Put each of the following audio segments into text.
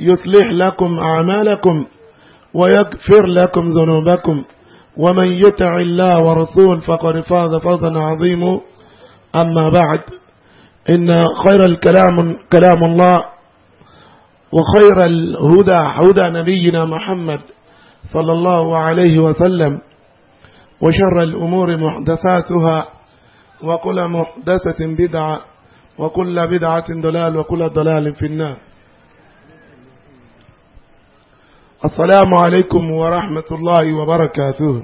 يصلح لكم أعمالكم ويغفر لكم ذنوبكم ومن يطع الله ورسول فقد فاز فوزا عظيم أما بعد إن خير الكلام كلام الله وخير الهدى هدى نبينا محمد صلى الله عليه وسلم وشر الأمور محدثاتها وكل محدثة بدعة وكل بدعة ضلال وكل ضلال في النار السلام عليكم ورحمة الله وبركاته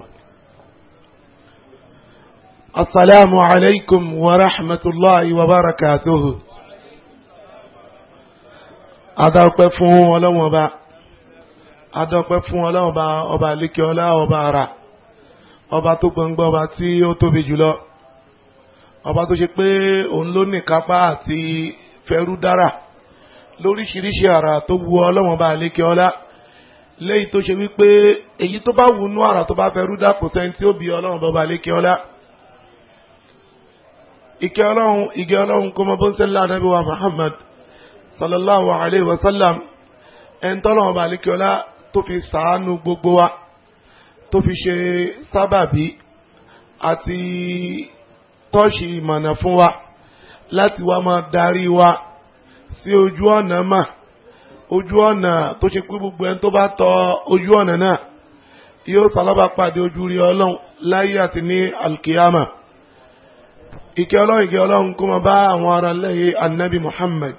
السلام عليكم ورحمة الله وبركاته adọ́pẹ́ fún ọlọ́run ọba adọ́pẹ́ fún ọlọ́run ọba ọba àlékè ọlá ọba ara ọba tó gbọ̀ngbọ̀n ọba tí ó tóbi jùlọ ọba tó ṣe pé òun ló ní kápá àti fẹrú dára lóríṣiríṣi àrà tó wu ọlọ́run ọba àlékè ọlá lẹ́yìn tó ṣe wípé èyí tó bá wù nú àrà tó bá fẹ́ rúdà kò sẹ́ni tí ó bí ọlọ́run bọ́ba lékè ọlá ìkẹ́ ọlọ́run ìgẹ́ ọlọ́run kó mọ bó ń wa Muhammad sallallahu alayhi wa sallam ẹni tọ́lọ́run bá lékè ọlá tó fi sàánú gbogbo wa tó fi ṣe sábàbí àti tọ́ṣì ìmọ̀nà fún wa láti wá máa darí wa sí ojú ọ̀nà máa ojú ọ̀nà tó ṣe pé gbogbo ẹni tó bá tọ ojú ọ̀nà náà yóò sálábà pàdé ojú rí ọlọ́run láyé àti ní alkiyama ìkẹ́ ọlọ́run ìkẹ́ ọlọ́run kó máa bá àwọn ará lẹ́yìn anabi muhammad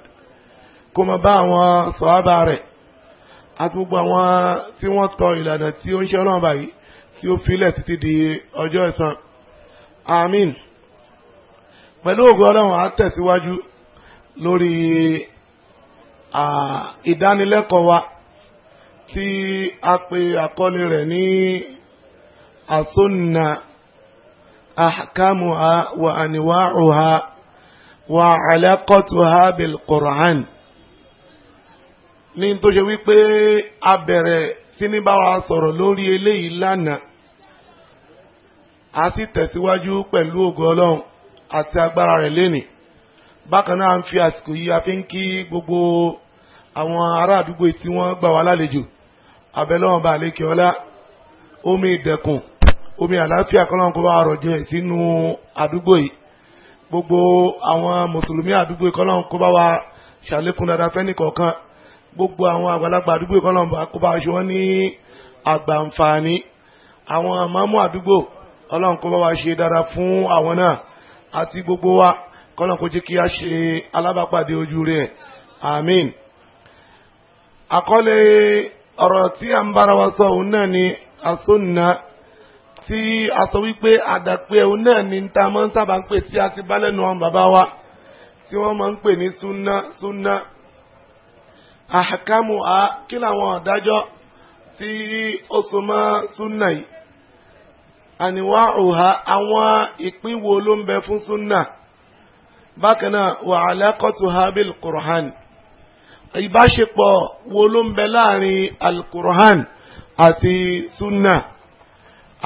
kó máa bá àwọn sọ̀hábà rẹ̀ àti gbogbo àwọn tí wọ́n tọ ìlànà tí ó ń ṣe ọlọ́run báyìí tí ó filẹ̀ títí di ọjọ́ ẹ̀san àmín pẹ̀lú ògo ọlọ́run á tẹ̀síwájú lórí ìdánilẹ́kọ̀ọ́ wa tí a pè àkọlé rẹ̀ ní àsúnà ahkamuha wa aniwa'uha wa alaqatuha bil Qur'an ní tó ṣe wípé a bẹ̀rẹ̀ sí ní bá sọ̀rọ̀ lórí eléyìí lánàá a sì tẹ̀síwájú pẹ̀lú ògo Ọlọ́run àti agbára rẹ̀ lénìí bákan náà a ń fi àsìkò yìí a fi ń kí gbogbo àwọn ará àdúgbò tí wọ́n gbà wá lálejò abẹ́lẹ́wọ̀n bá lékè ọlá omi ìdẹ̀kùn omi àlàáfíà kọ́lọ́n kó bá rọ̀ jẹ́ sínú àdúgbò yìí gbogbo àwọn mùsùlùmí àdúgbò kọ́lọ́n kó bá wa ṣàlékún dáadáa fẹ́ nìkọ̀ọ̀kan gbogbo àwọn àgbàlagbà àdúgbò yìí kọ́lọ́n kó bá ṣe wọ́n ní àgbàǹfààní àwọn àmọ́mú àdúgbò ọlọ́run kó bá wa ṣe dára fún àwọn náà àti gbogbo wa kọ́lọ́n kó jẹ́ kí a ṣe alábàápàdé ojú rẹ̀ àmín àkọlé ọ̀rọ̀ tí a ń bára wa sọ òun náà ni asúnà tí a sọ wípé àdàpé òun náà ni ta máa ń sábà ń pè tí a ti bá lẹ́nu àwọn bàbá wa tí wọ́n máa ń pè ní súnà súnà àhàkámù a kí làwọn ọ̀dájọ́ tí ó so mọ́ súnà yìí àníwá òhà àwọn ìpínwó ló ń bẹ fún súnà bákan náà wa alaqatuha bil Qur'an ìbáṣepọ̀ wo ló ń bẹ láàrin alukur'an àti sunna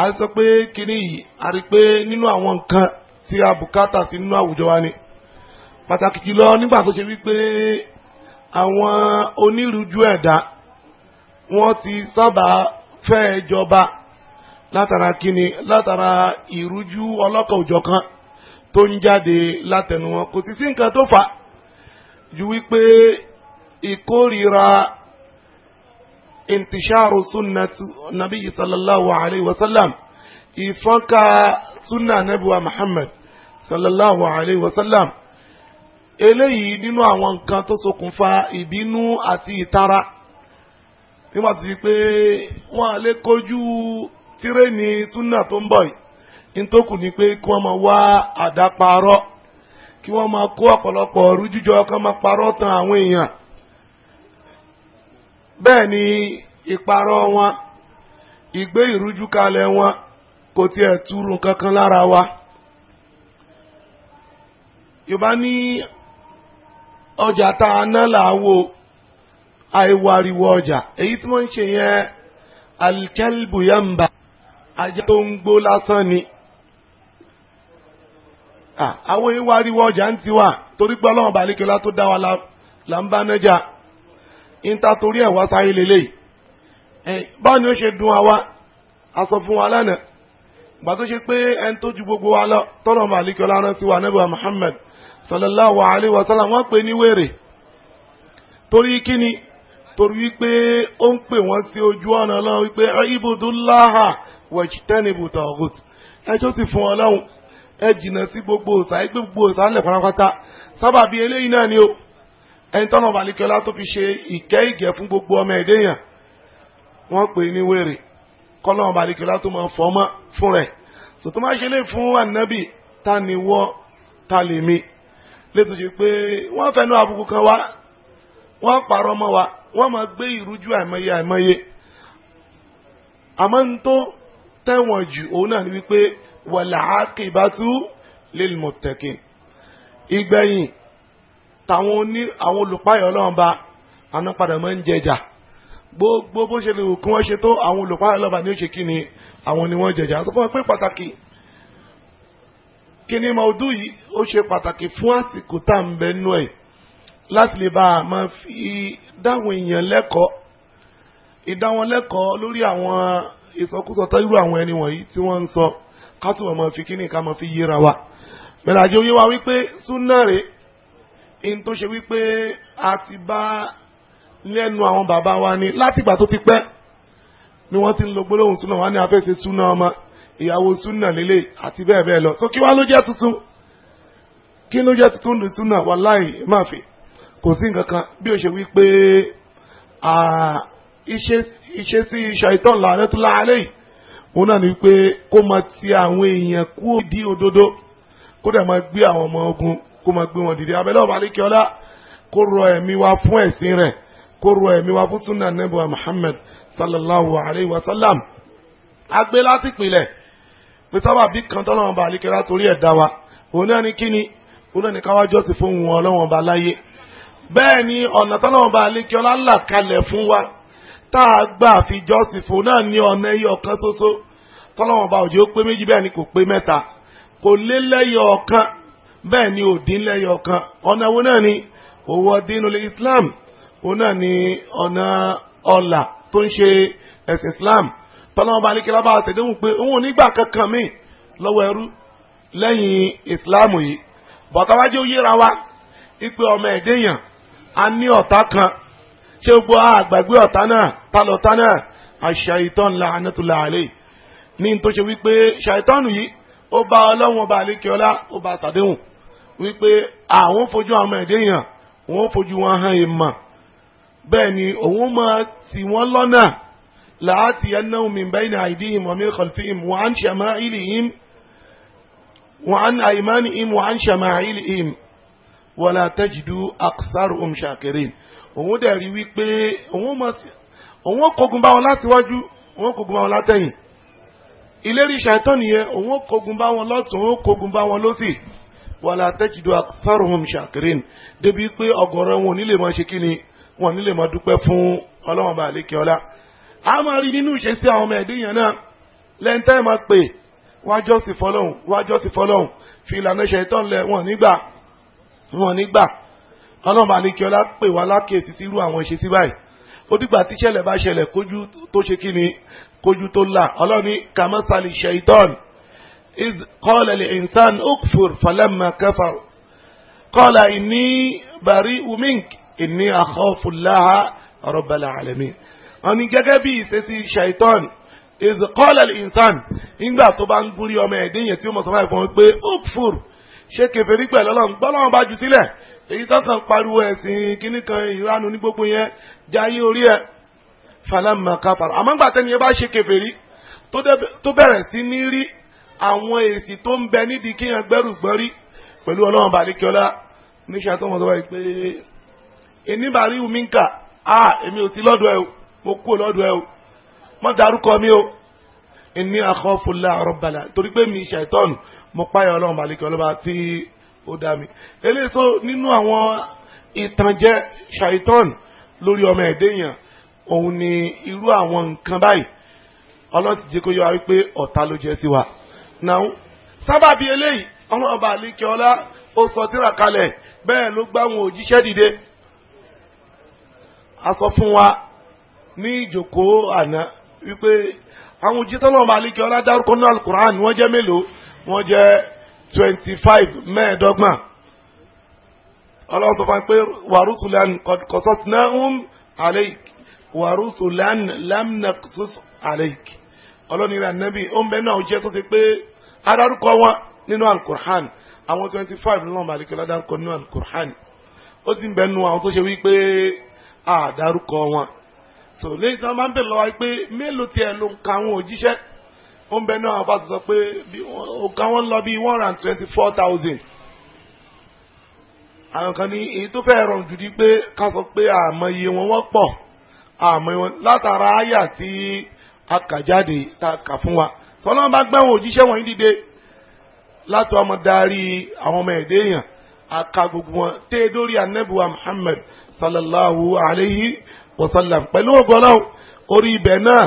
a sọ pé kíní yìí a rí pé nínú àwọn nǹkan tí a bùkátà sí nínú àwùjọ wa ni pàtàkì jùlọ nígbà tó ṣe wípé àwọn onírúurú ẹ̀dá wọ́n ti sábà fẹ́ jọba látara kíni látara ìrújú ọlọ́kan-ò-jọ̀kan tó ń jáde látẹnu wọn kò sì sí nǹkan tó fà ju wípé ìkórìíra intisharu sunnati nabi sallallahu alayhi wa sallam ìfọ́nká sunna nabiwa muhammad sallallahu alayhi wa sallam eléyìí nínú àwọn nǹkan tó ṣokùnfà ìbínú àti ìtara nígbà tó fi pé wọn à lè kojú tírẹ́ẹ̀nì súnà tó ń bọ̀ yìí nítòkù ni pé kí wọ́n máa wá àdáparọ́ kí wọ́n máa kó ọ̀pọ̀lọpọ̀ rújújọ kí wọ́n máa parọ́ tan àwọn èèyàn bẹ́ẹ̀ ni ìparọ́ wọn ìgbé ìrújú kalẹ̀ wọn kò tiẹ̀ túrú kankan lára wa yorùbá ní ọjà tá a ná là á wò àìwariwo ọjà èyí tí wọ́n ń ṣe yẹn alikẹ́lbù yamba ajá tó ń gbó lásán ni àwọn ìwariwo ọjà ń tiwa torí pé ọlọ́run bàálíkẹ́lá tó dá wa là ń bá nájà. níta torí ẹ̀ wá sáyé lélẹ̀ yìí báwo ni ó ṣe dùn àwa a sọ fún wa lánàá gbà tó ṣe pé ẹni tó ju gbogbo wa lọ tọ́nà màlíkì ọlọ́run sí wa nẹ́bà Muhammad sallallahu alayhi wa sallam wọ́n pè ní wèrè torí kíni torí wípé ó ń pè wọ́n sí ojú ọ̀nà ọlọ́run wípé ibùdókòláhà wẹ̀jítẹ́nìbù tọ̀gùt ẹjọ́ sì fún ọlọ́run ẹ jìnnà sí gbogbo òsà ẹgbẹ́ gbogbo òsà ńlẹ̀ pátápátá sábàbí eléyìí náà ni o ẹni tọ́nà balikẹ́lá tó fi ṣe ìkẹ́ ìgẹ̀ fún gbogbo ọmọ ẹ̀dẹ́ yàn wọ́n pè ní wèrè kọ́lọ́n balikẹ́lá tó máa fọmọ́ fún rẹ̀ sòtò máa ṣe lè fún ànábì ta ni wọ́ ta lè mi létò ṣe pé wọ́n fẹnu àbùkù kan wá wọ́n parọ́ mọ́ wa wọ́n máa gbé ìrújú àìmọye àìmọye àmọ́ ń tó tẹ̀wọ̀n jù òun náà ni wípé wàlàákìbátú lil muttaqin ìgbẹ̀yìn tàwọn oní àwọn olùpáyọ̀ ọlọ́run ba àná padà máa ń jẹjà gbogbo bó ṣe lè wù kí wọ́n ṣe tó àwọn olùpáyọ̀ ọlọ́run ba ni ó ṣe kí ni àwọn ni wọ́n jẹjà àti fún wọn pé pàtàkì kí ni màdú yìí ó ṣe pàtàkì fún àsìkò tá à ń bẹ nú ẹ̀ láti lè bá a máa fi dáhùn èèyàn lẹ́kọ̀ọ́ ìdáwọn lẹ́kọ̀ọ́ lórí àwọn ìsọkúsọ tó irú àwọn ẹni wọ̀nyí tí wọ́n ń sọ ká tún wọn máa fi kíní ká máa fi yíra wa bẹ̀rẹ̀ àjọ wa wípé súnà rèé in tó ṣe wípé a ti bá lẹ́nu àwọn bàbá wa ni láti ìgbà tó ti pẹ́ ni wọ́n ti ń lo gbólóhùn súnà wa ní afẹ́fẹ́ súnà ọmọ ìyàwó súnà lélẹ̀ àti bẹ́ẹ̀ bẹ́ẹ̀ lọ so kí wá ló jẹ́ tuntun kí ló jẹ́ tuntun lè súnà wàláì má fi kò sí nǹkan kan bí ó ṣe wípé ìṣesí ṣàìtàn làárẹ̀ tó láàárẹ̀ yìí òun náà ni wípé kó máa ti àwọn èèyàn kú òdì òdodo kó dẹ̀ máa gbé àwọn ọmọ ogun kó máa gbé wọn dìde abẹ́lẹ́ ọba alikiola kó rọ ẹ̀mí wa fún ẹ̀sìn rẹ̀ kó rọ ẹ̀mí wa fún sunna nebua muhammed sallallahu alayhi wa sallam agbé láti ìpìlẹ̀ pé sábà bí kan tọ́lọ́wọ́n ọba alikiola torí ẹ̀ dá wa òun náà ni kíni òun náà ni káwá jọ́sìn fún wọn ọlọ́wọ́n ọba láyé bẹ́ẹ̀ ni ọ̀nà tọ́lọ́wọ́n ọba alikiola là kalẹ̀ fún wa tá a gbà fi jọ́sìn fún náà ní ọ̀nà iye ọ̀kan ṣoṣo tọ́lọ́wọ́n ọba òjò pé méjì bẹ́ẹ̀ ni kò pé mẹ́ta kò lé lẹ́yọ̀ ọ̀kan bẹ́ẹ̀ ni òdín lẹ́yọ kan ọ̀nà wo náà ni owó ọdín olè islam òun náà ni ọ̀nà ọ̀là tó ń ṣe ẹ̀sìn islam tọ́lọ́mọba alikẹ́lá bá tẹ̀déhùn pé òun ò nígbà kankan míì lọ́wọ́ ẹrú lẹ́yìn islam yìí bọ̀tàwájú ó yéra wa ipe ọmọ ẹ̀dẹ́yàn a ní ọ̀tá kan ṣé gbogbo àgbàgbé ọ̀tá náà ta lọ̀tá náà àṣàìtàn làánàtúlà àlè ní tó ṣe wípé ṣàìtàn yìí ó bá ọlọ́run ọba àlékè ó bá tàdéhùn wípé àwọn fojú àwọn ẹ̀dẹ́ yàn wọ́n fojú wọn hàn ìmọ̀ bẹ́ẹ̀ ni òun máa tì wọ́n lọ́nà láti ẹnáhùn mi bẹ́ẹ̀ ni àìdí ìmọ̀ mi kọ̀lfí ìmọ̀ wọ́n á ń ṣàmà ìlì im wọ́n á ń àìmánì im wọ́n á ń ṣàmà ìlì im wọ́n la tẹ́jìdú àkùsàrò òun ṣàkèrè òun dẹ̀ rí wípé òun máa òun kógun bá wọn láti wájú òun kógun bá wọn látẹ̀yìn ìlérí ṣàìtọ́ nìyẹn òun kógun bá wọn lọ́tún òun kógun bá wọn lọ́sì wàlá tajidu aktharuhum shakirin débi pé ọ̀gọ̀rọ̀ wọn ò ní lè máa ṣe kíni wọn ò ní lè máa dúpẹ́ fún ọlọ́wọ́n bá àlékè ọlá. a máa rí nínú ìṣesí àwọn ọmọ ẹ̀dín yẹn náà lẹ́ńtẹ́ máa pè wájọ́ sí fọlọ́hún wájọ́ sí fọlọ́hún fi ìlànà ṣẹ̀tán lẹ̀ wọ́n nígbà wọ́n nígbà ọlọ́wọ́n bá àlékè ọlá pè wá lákèésí sírú àwọn ìṣesí báyìí ó dìgbà إذ قال لإنسان أكفر فلما كفر قال إني بريء منك إني أخاف الله رب العالمين أني جاكبي سيسي شيطان إذ قال الإنسان إن طبعا بوري يوم يدين يتيوم صفحة أكفر ṣé kèfèrí pẹ̀lú ọlọ́run gbọ́lọ́run bá jù sílẹ̀ èyí tán kan pariwo ẹ̀sìn kínní kan ìranu ní gbogbo yẹn jayé orí ẹ̀ falama kápára àmọ́ gbàtẹ́ni yẹn bá ṣe kèfèrí tó bẹ̀rẹ̀ sí ní rí àwọn èsì tó ń bẹ nídìí kí yẹn gbẹ́rù gbọ́rí pẹ̀lú ọlọ́run bàríkíọ́lá níṣẹ́ tó mọ̀ tó báyìí pé eníbàárí mi ń kà á èmi ò ti lọ́dọ̀ ẹ o mo kú lọ́dọ̀ ẹ o mọ́ darúkọ mi o ìní àkọ́fúnlá ọ̀rọ̀bàlà torí pé mi ṣàìtọ́nù mo páyà ọlọ́run bàríkíọ́lá bá tí ó dá mi eléyìí nínú àwọn ìtànjẹ ṣàìtọ́nù lórí ọmọ ẹ̀dẹ́yàn òun ni irú àwọn nǹkan báyìí ọlọ́run kó yọ wá wípé ọ̀tá ló jẹ́ sí wa náà sábàbí eléyìí ọlọ́ọ̀bà àlékè ọlá ó sọ tírà kalẹ̀ bẹ́ẹ̀ ló gbá wọn òjíṣẹ́ dìde a sọ fún wa ní ìjókòó àná wípé àwọn òjíṣẹ́ ọlọ́ọ̀bà àlékè ọlá dárúkọ ní alukur'an wọ́n jẹ́ mélòó wọ́n jẹ́ twenty five mẹ́ẹ̀ẹ́dọ́gbọ̀n ọlọ́run sọ fún wa pé wàrúsùlán kọ̀sọ́sìnáhùn àlékè wàrúsùlán lámnàkùsùs àlékè ọlọ́run ìrìn ànábì ó ń bẹ náà jẹ́ adarúkọ wọn nínú alukur'an àwọn twenty five nínú ọmọ àlekèlá adarúkọ nínú alukur'an ó sì ń bẹ nu àwọn tó ṣe wípé adarúkọ wọn so lẹ́yìn tí wọ́n máa ń bẹ̀ lọ́wọ́ pé mélòó tiẹ̀ ló ń ka àwọn òjíṣẹ́ ó ń bẹ náà àwọn afáàtì sọ pé òǹkà wọn lọ bí one and twenty four thousand àwọn kan ní èyí tó fẹ́ rọrùn jù ní pé ká sọ pé àmọye wọn wọ́n pọ̀ àmọye wọn látara àyà tí a kà jáde tá a kà fún wa sọlọ́n bá gbẹ́wọ̀n òjíṣẹ́ wọ̀nyí dìde láti ọmọ darí àwọn ọmọ ẹ̀dẹ́ èèyàn aka gbogbo wọn tẹ́ dórí anabiwa Muhammad sallallahu alayhi wa sallam pẹ̀lú ọgọ́lá orí ibẹ̀ náà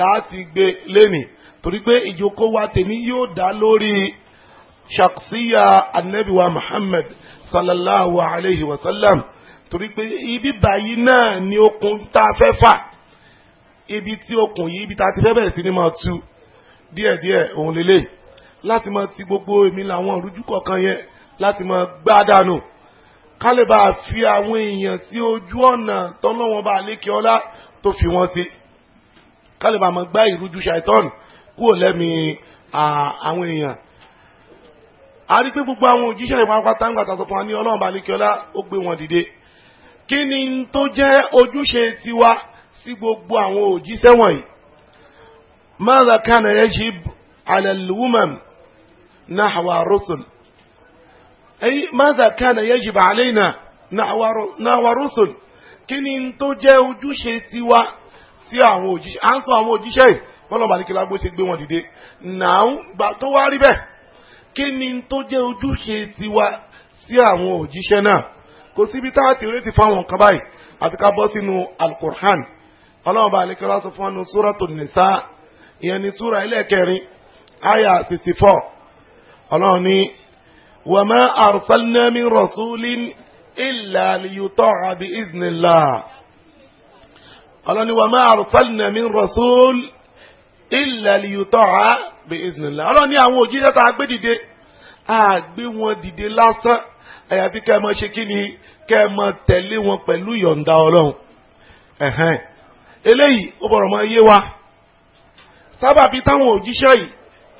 láti gbé lẹ́nìí torí pé ìjókòó wa tèmi yóò dá lórí shaksiya anabiwa Muhammad sallallahu alayhi wa sallam torí pé ibi báyìí náà ni okùn tá a fẹ́ fà ibi tí okùn yìí ibi tá a ti fẹ́ bẹ̀rẹ̀ sí ni máa tú díẹ̀díẹ̀ òun lélẹ̀ láti máa ti gbogbo èmi làwọn ìrújú kọ̀ọ̀kan yẹn láti máa gbá dànù kálíbà fi àwọn èèyàn sí ojú ọ̀nà tọ́lọ́wọ́n bá lékè ọlá tó fi wọ́n sí kálíbà máa gbá ìrújú ṣàìtọ́n kúrò lẹ́mi àwọn èèyàn a rí pé gbogbo àwọn òjíṣẹ́ ìwà pátáǹgbà tàbí fún wa ní ọlọ́run bá lékè ọlá ó gbé wọn dìde kí ni tó jẹ́ ojúṣe tiwa sí gbogbo àwọn òjíṣẹ́ wọ̀nyí ماذا كان يجب على الأمم نحو الرسل أي ماذا كان يجب علينا نحو نحو الرسل kí ni tó jẹ́ ojúṣe tiwa sí àwọn òjíṣẹ́ à ń sọ àwọn òjíṣẹ́ yìí bọ́lọ́mà ní kí lágbó ṣe gbé wọn dìde náà gbà tó wá rí bẹ́ẹ̀ kí ni tó jẹ́ ojúṣe tiwa sí àwọn òjíṣẹ́ náà kò síbi tá a ti retí fáwọn nǹkan báyìí àti ká bọ́ sínú alukur'an ọlọ́mọba àlekẹ́lá sọ fún wọn ní sóràtò nìsáà ìyẹn ní súra ẹlẹ́ẹ̀kẹrin aya sixty four ọlọ́run ní wa ma arsalna min rasulin illa liyuta'a bi iznillah ọlọ́run ní wa ma arsalna min rasul illa liyuta'a bi iznillah ọlọ́run ní àwọn òjíṣẹ́ tá a gbé dìde a gbé wọn dìde lásán àyàfi kẹ́ ẹ mọ ṣe kí ni kẹ́ ẹ mọ tẹ̀lé wọn pẹ̀lú yọ̀ǹda ọlọ́run eléyìí ó bọ̀rọ̀ mọ́ yé wa sábàbí táwọn òjíṣẹ́ yìí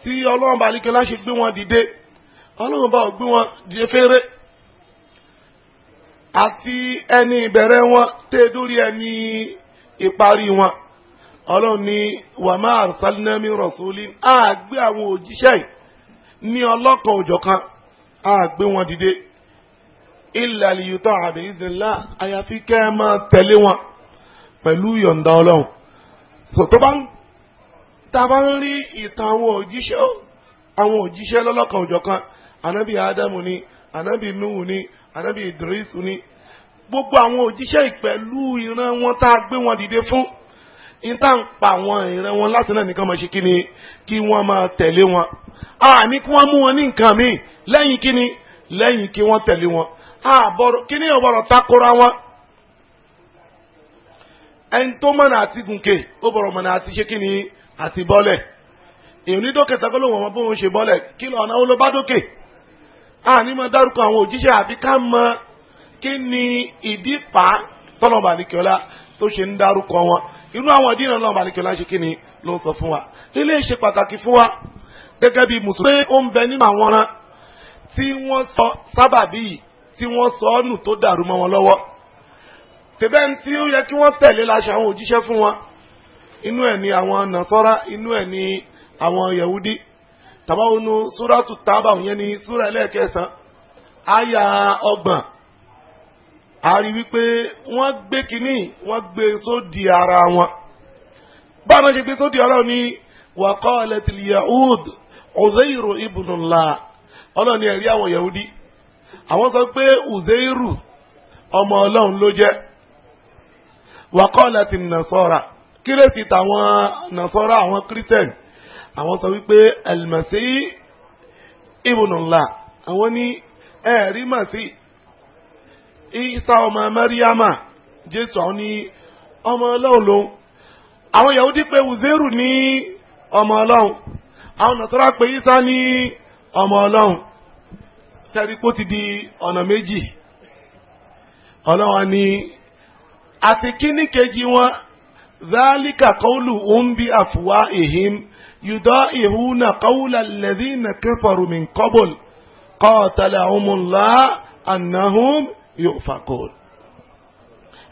tí ọlọ́run bá alikẹ́lá ṣe gbé wọn dìde ọlọ́run bá gbé wọn dìde fèrè àti ẹni ìbẹ̀rẹ̀ wọn tẹ́ dórí ẹni ìparí wọn ọlọ́run ní wàmà àrùsálínàmí rọ̀sùlì àgbé àwọn òjíṣẹ́ yìí ní ọlọ́kan òjọ̀kan àgbé wọn dìde ilẹ̀ àlìyútọ̀ àbẹ̀ àyàfi kẹ́ ẹ máa tẹ̀lé wọn pẹ̀lú yọ̀ǹda ọlọ́run tó bá ń tá a bá ń rí ìtàn àwọn òjíṣẹ́ àwọn òjíṣẹ́ lọ́lọ́kan òjọ̀kan ànábì ádámù ni ànábì nuhu ni ànábì idris ni gbogbo àwọn òjíṣẹ́ ìpẹ̀lú ìran wọn tá a gbé wọn dìde fún ìta ń pa àwọn ìran wọn láti náà nìkan máa ṣe kí ni kí wọ́n máa tẹ̀lé wọn àní kí wọ́n mú wọn ní nǹkan míì lẹ́yìn kí ni lẹ́yìn kí wọ́n tẹ̀lé wọn àbọ̀rọ̀ kí ni ọ̀bọ̀rọ̀ takora wọn ẹni tó mọ̀nà àti gùnkè ó bọ̀rọ̀ mọ̀nà àti ṣe kí ni àti bọ́lẹ̀ èyí ní dókè tako lóun ọmọ bóun ṣe bọ́lẹ̀ kí lọ ọ̀nà olóbá dókè àní máa dárúkọ àwọn òjíṣẹ́ àbí ká mọ kí ni ìdí pa tọ́lọ̀mà nìkẹ́lá tó ṣe ń dárúkọ wọn inú àwọn ìdí náà lọ́mà nìkẹ́lá ṣe kí ni ló ń sọ fún wa ilé ṣe pàtàkì fún wa gẹ́gẹ́ bí mùsùlùmí ó ń bẹ nínú àwọn ọ̀ràn tí wọ́n sọ sábàbí tí wọ́n sọ ọ́nù tó dàrú mọ́ wọn lọ́wọ́ tẹ̀bẹ́ ó yẹ kí wọ́n tẹ̀lé láṣẹ àwọn òjíṣẹ́ fún wọn inú ẹ̀ ni àwọn nàṣọ́rá inú ẹ̀ ni àwọn yahudi tàbáwọnú súrátù tábà yẹn ni súrà ẹlẹ́ẹ̀kẹsàn áyà ọgbọ̀n a rí wípé wọ́n gbé kínní wọ́n gbé sódì ara wọn báwọn ṣe gbé sódì ara wọn ni wa qalatil yahud uzairu ibnullah ni ẹ̀rí àwọn yahudi àwọn sọ pé uzairu ọmọ ọlọ́run ló jẹ́ wa kírètì tàwọn nàṣọ́rọ́ àwọn kírísítẹ̀n àwọn sọ wípé ẹlmẹ̀sí ibùnùlá àwọn ní ẹ̀rí màsí isa ọmọ mẹ́ríàmà jésù àwọn ní ọmọ ọlọ́run lòun àwọn yahudi pé uzeru ní ọmọ ọlọ́run àwọn nàṣọ́rọ́ pé isa ní ọmọ ọlọ́run tẹ́rí kó ti di ọ̀nà méjì ọlọ́run ni àti kíní wọn. ذلك أم بأفواههم يضائعون قول الذين كفروا من قبل قاتلهم الله أنهم يؤفكون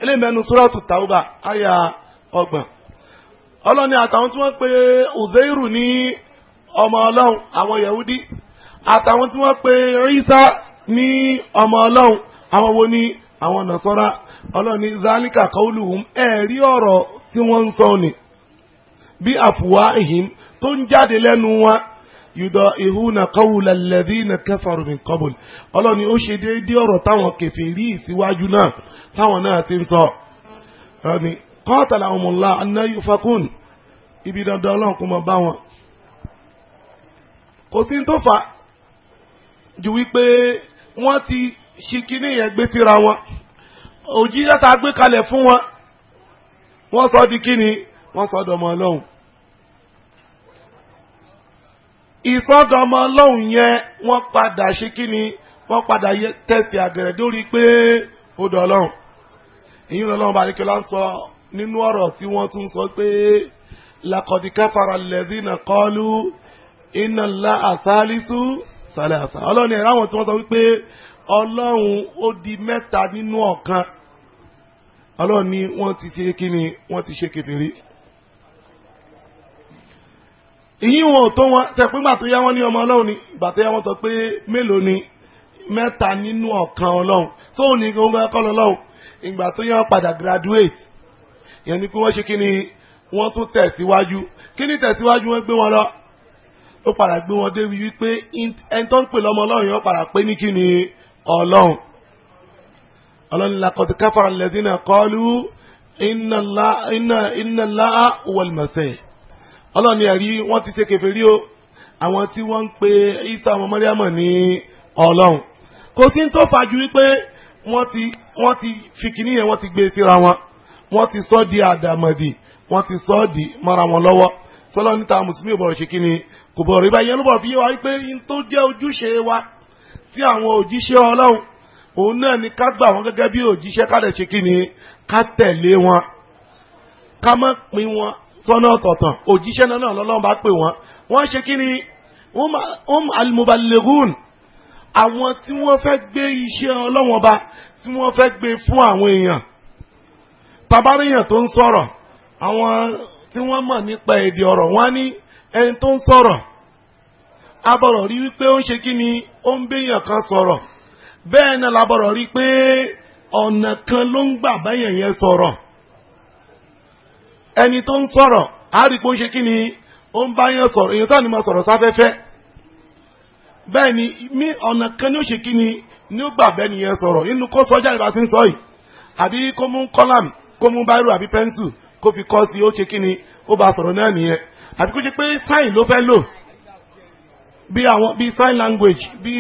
ilé mẹ́nu sọ́rọ́tù tàwùbà àyà ọgbọ̀n ọlọ́ni àtàwọn tí wọ́n pe uzeiru ní ọmọ ọlọ́run àwọn yahudi àtàwọn tí wọ́n pe isa ní ọmọ ọlọ́run àwọn wo ni àwọn nàṣọ́ra ọlọ́ni zalika kauluhum ẹ̀rí ọ̀rọ̀ tí wọ́n ń sọ ni bí àfùwá ìhìn tó ń jáde lẹ́nu wọn yùdọ̀ ìhùnà kọ́wùlà lẹ́dí nà kẹfàrù min qabl ọlọ́ni ó ṣe déédé ọ̀rọ̀ táwọn kèfèrí ìsíwájú náà táwọn náà ti ń sọ ọ̀ni kọ́tàlà ọmọlá aná yufakun ibi dandan ọlọ́run kò mọ̀ bá wọn. kò sí tó fà ju wípé wọ́n ti ṣe kíní yẹn gbé síra wọn òjì yàtà gbé kalẹ̀ fún wọn wọ́n sọ di kíni wọ́n sọ dọmọ ọlọ́run ìsọdọmọ ọlọ́run yẹn wọ́n padà ṣe kíni wọ́n padà tẹ̀sí àgẹ̀rẹ̀ dórí pé ó dọ̀ ọlọ́run èyí ni ọlọ́run bàríkẹ́ ló ń sọ nínú ọ̀rọ̀ tí wọ́n tún sọ pé làkọ̀dìkà fara lẹ́dínà kọ́lù iná ńlá àsálísù sálẹ̀ àsá ọlọ́run ẹ̀rọ tí wọ́n sọ wípé ọlọ́run ó di mẹ́ta nínú ọ̀kan ọlọ́run ní wọ́n ti ṣe kí ni wọ́n ti ṣe kékeré. ìyí wọn ò tó wọn tẹ̀pẹ́ gbà tó yá wọn ní ọmọ ọlọ́run ni gbà tó yá wọn sọ pé mélòó ni mẹ́ta nínú ọ̀kan ọlọ́run tó ò ní gbogbo ẹ̀kọ́ lọ́lọ́run ìgbà tó yá wọn padà graduate ìyẹn ni pé wọ́n ṣe kí ni wọ́n tún tẹ̀síwájú kí ni tẹ̀síwájú wọn gbé wọn lọ ó padà gbé wọn débi wípé ẹni tó ń pè lọ́mọ ọlọ́run yẹn ó padà pé ní kí ni ọlọ́run ọlọ́run laqad kafara alladhina qalu inna Allaha wal masih ọlọ́run ẹ̀rí wọ́n ti ṣe kèfèrí o àwọn tí wọ́n ń pe Isa ọmọ Màríàmù ní ọlọ́run kò sí tó fàájú wípé wọ́n ti wọ́n ti fi kìíní yẹn wọ́n ti gbé e síra wọn wọ́n ti sọ di àdàmọ̀dì wọ́n ti sọ di mọ́ra wọn lọ́wọ́ sọlọ níta mùsùlùmí ò bọ̀rọ̀ ṣe kí ni kò bọ̀rọ̀ rí báyìí ẹlúbọ̀ fi yé wa wípé n tó jẹ́ ojúṣe wa tí àwọn òjíṣẹ́ ọlọ́run òun náà ni ká gbà wọn gẹ́gẹ́ bí òjíṣẹ́ ká lè ṣe kí ni ká tẹ̀lé wọn ká má pín wọn sọ́nà ọ̀tọ̀ọ̀tọ̀ òjíṣẹ́ náà lọ́lọ́run bá pè wọ́n wọ́n ṣe kí ni um almubalegun àwọn tí wọ́n fẹ́ gbé iṣẹ́ ọlọ́run ọba tí wọ́n fẹ́ gbé fún àwọn èèyàn tabaríyàn tó ń sọ̀rọ̀ àwọn tí wọ́n mọ̀ nípa èdè ọ̀rọ̀ wọn ní ẹni tó ń sọ̀rọ̀ abọ̀rọ̀ rí wípé ó ń ṣe kí ni ó ń béèyàn kan sọ̀rọ̀ bẹ́ẹ̀ náà labọ̀rọ̀ rí pé ọ̀nà kan ló ń gbà báyẹn yẹn sọ̀rọ̀ ẹni tó ń sọ̀rọ̀ àríkó ṣe kí ni ó ń báyẹn sọ̀rọ̀ èèyàn sáà ni mo sọ̀rọ̀ sáfẹ́fẹ́ bẹ́ẹ̀ ni mí ọ̀nà kan ní ó ṣe kí ni ní ó gbà bẹ́ẹ̀ nìyẹn sọ̀rọ̀ inú kó sọ́jà ìbá ti ń sọ yìí àbí kó mú kọ́làm kó mú báírò àbí pẹ́ńsù kó fi kọ́ sí ó ṣe kí ni ó bá sọ̀rọ̀ náà nìyẹn àbí kó ṣe pé sáìn ló fẹ́ lò bí àwọn bí sign language bí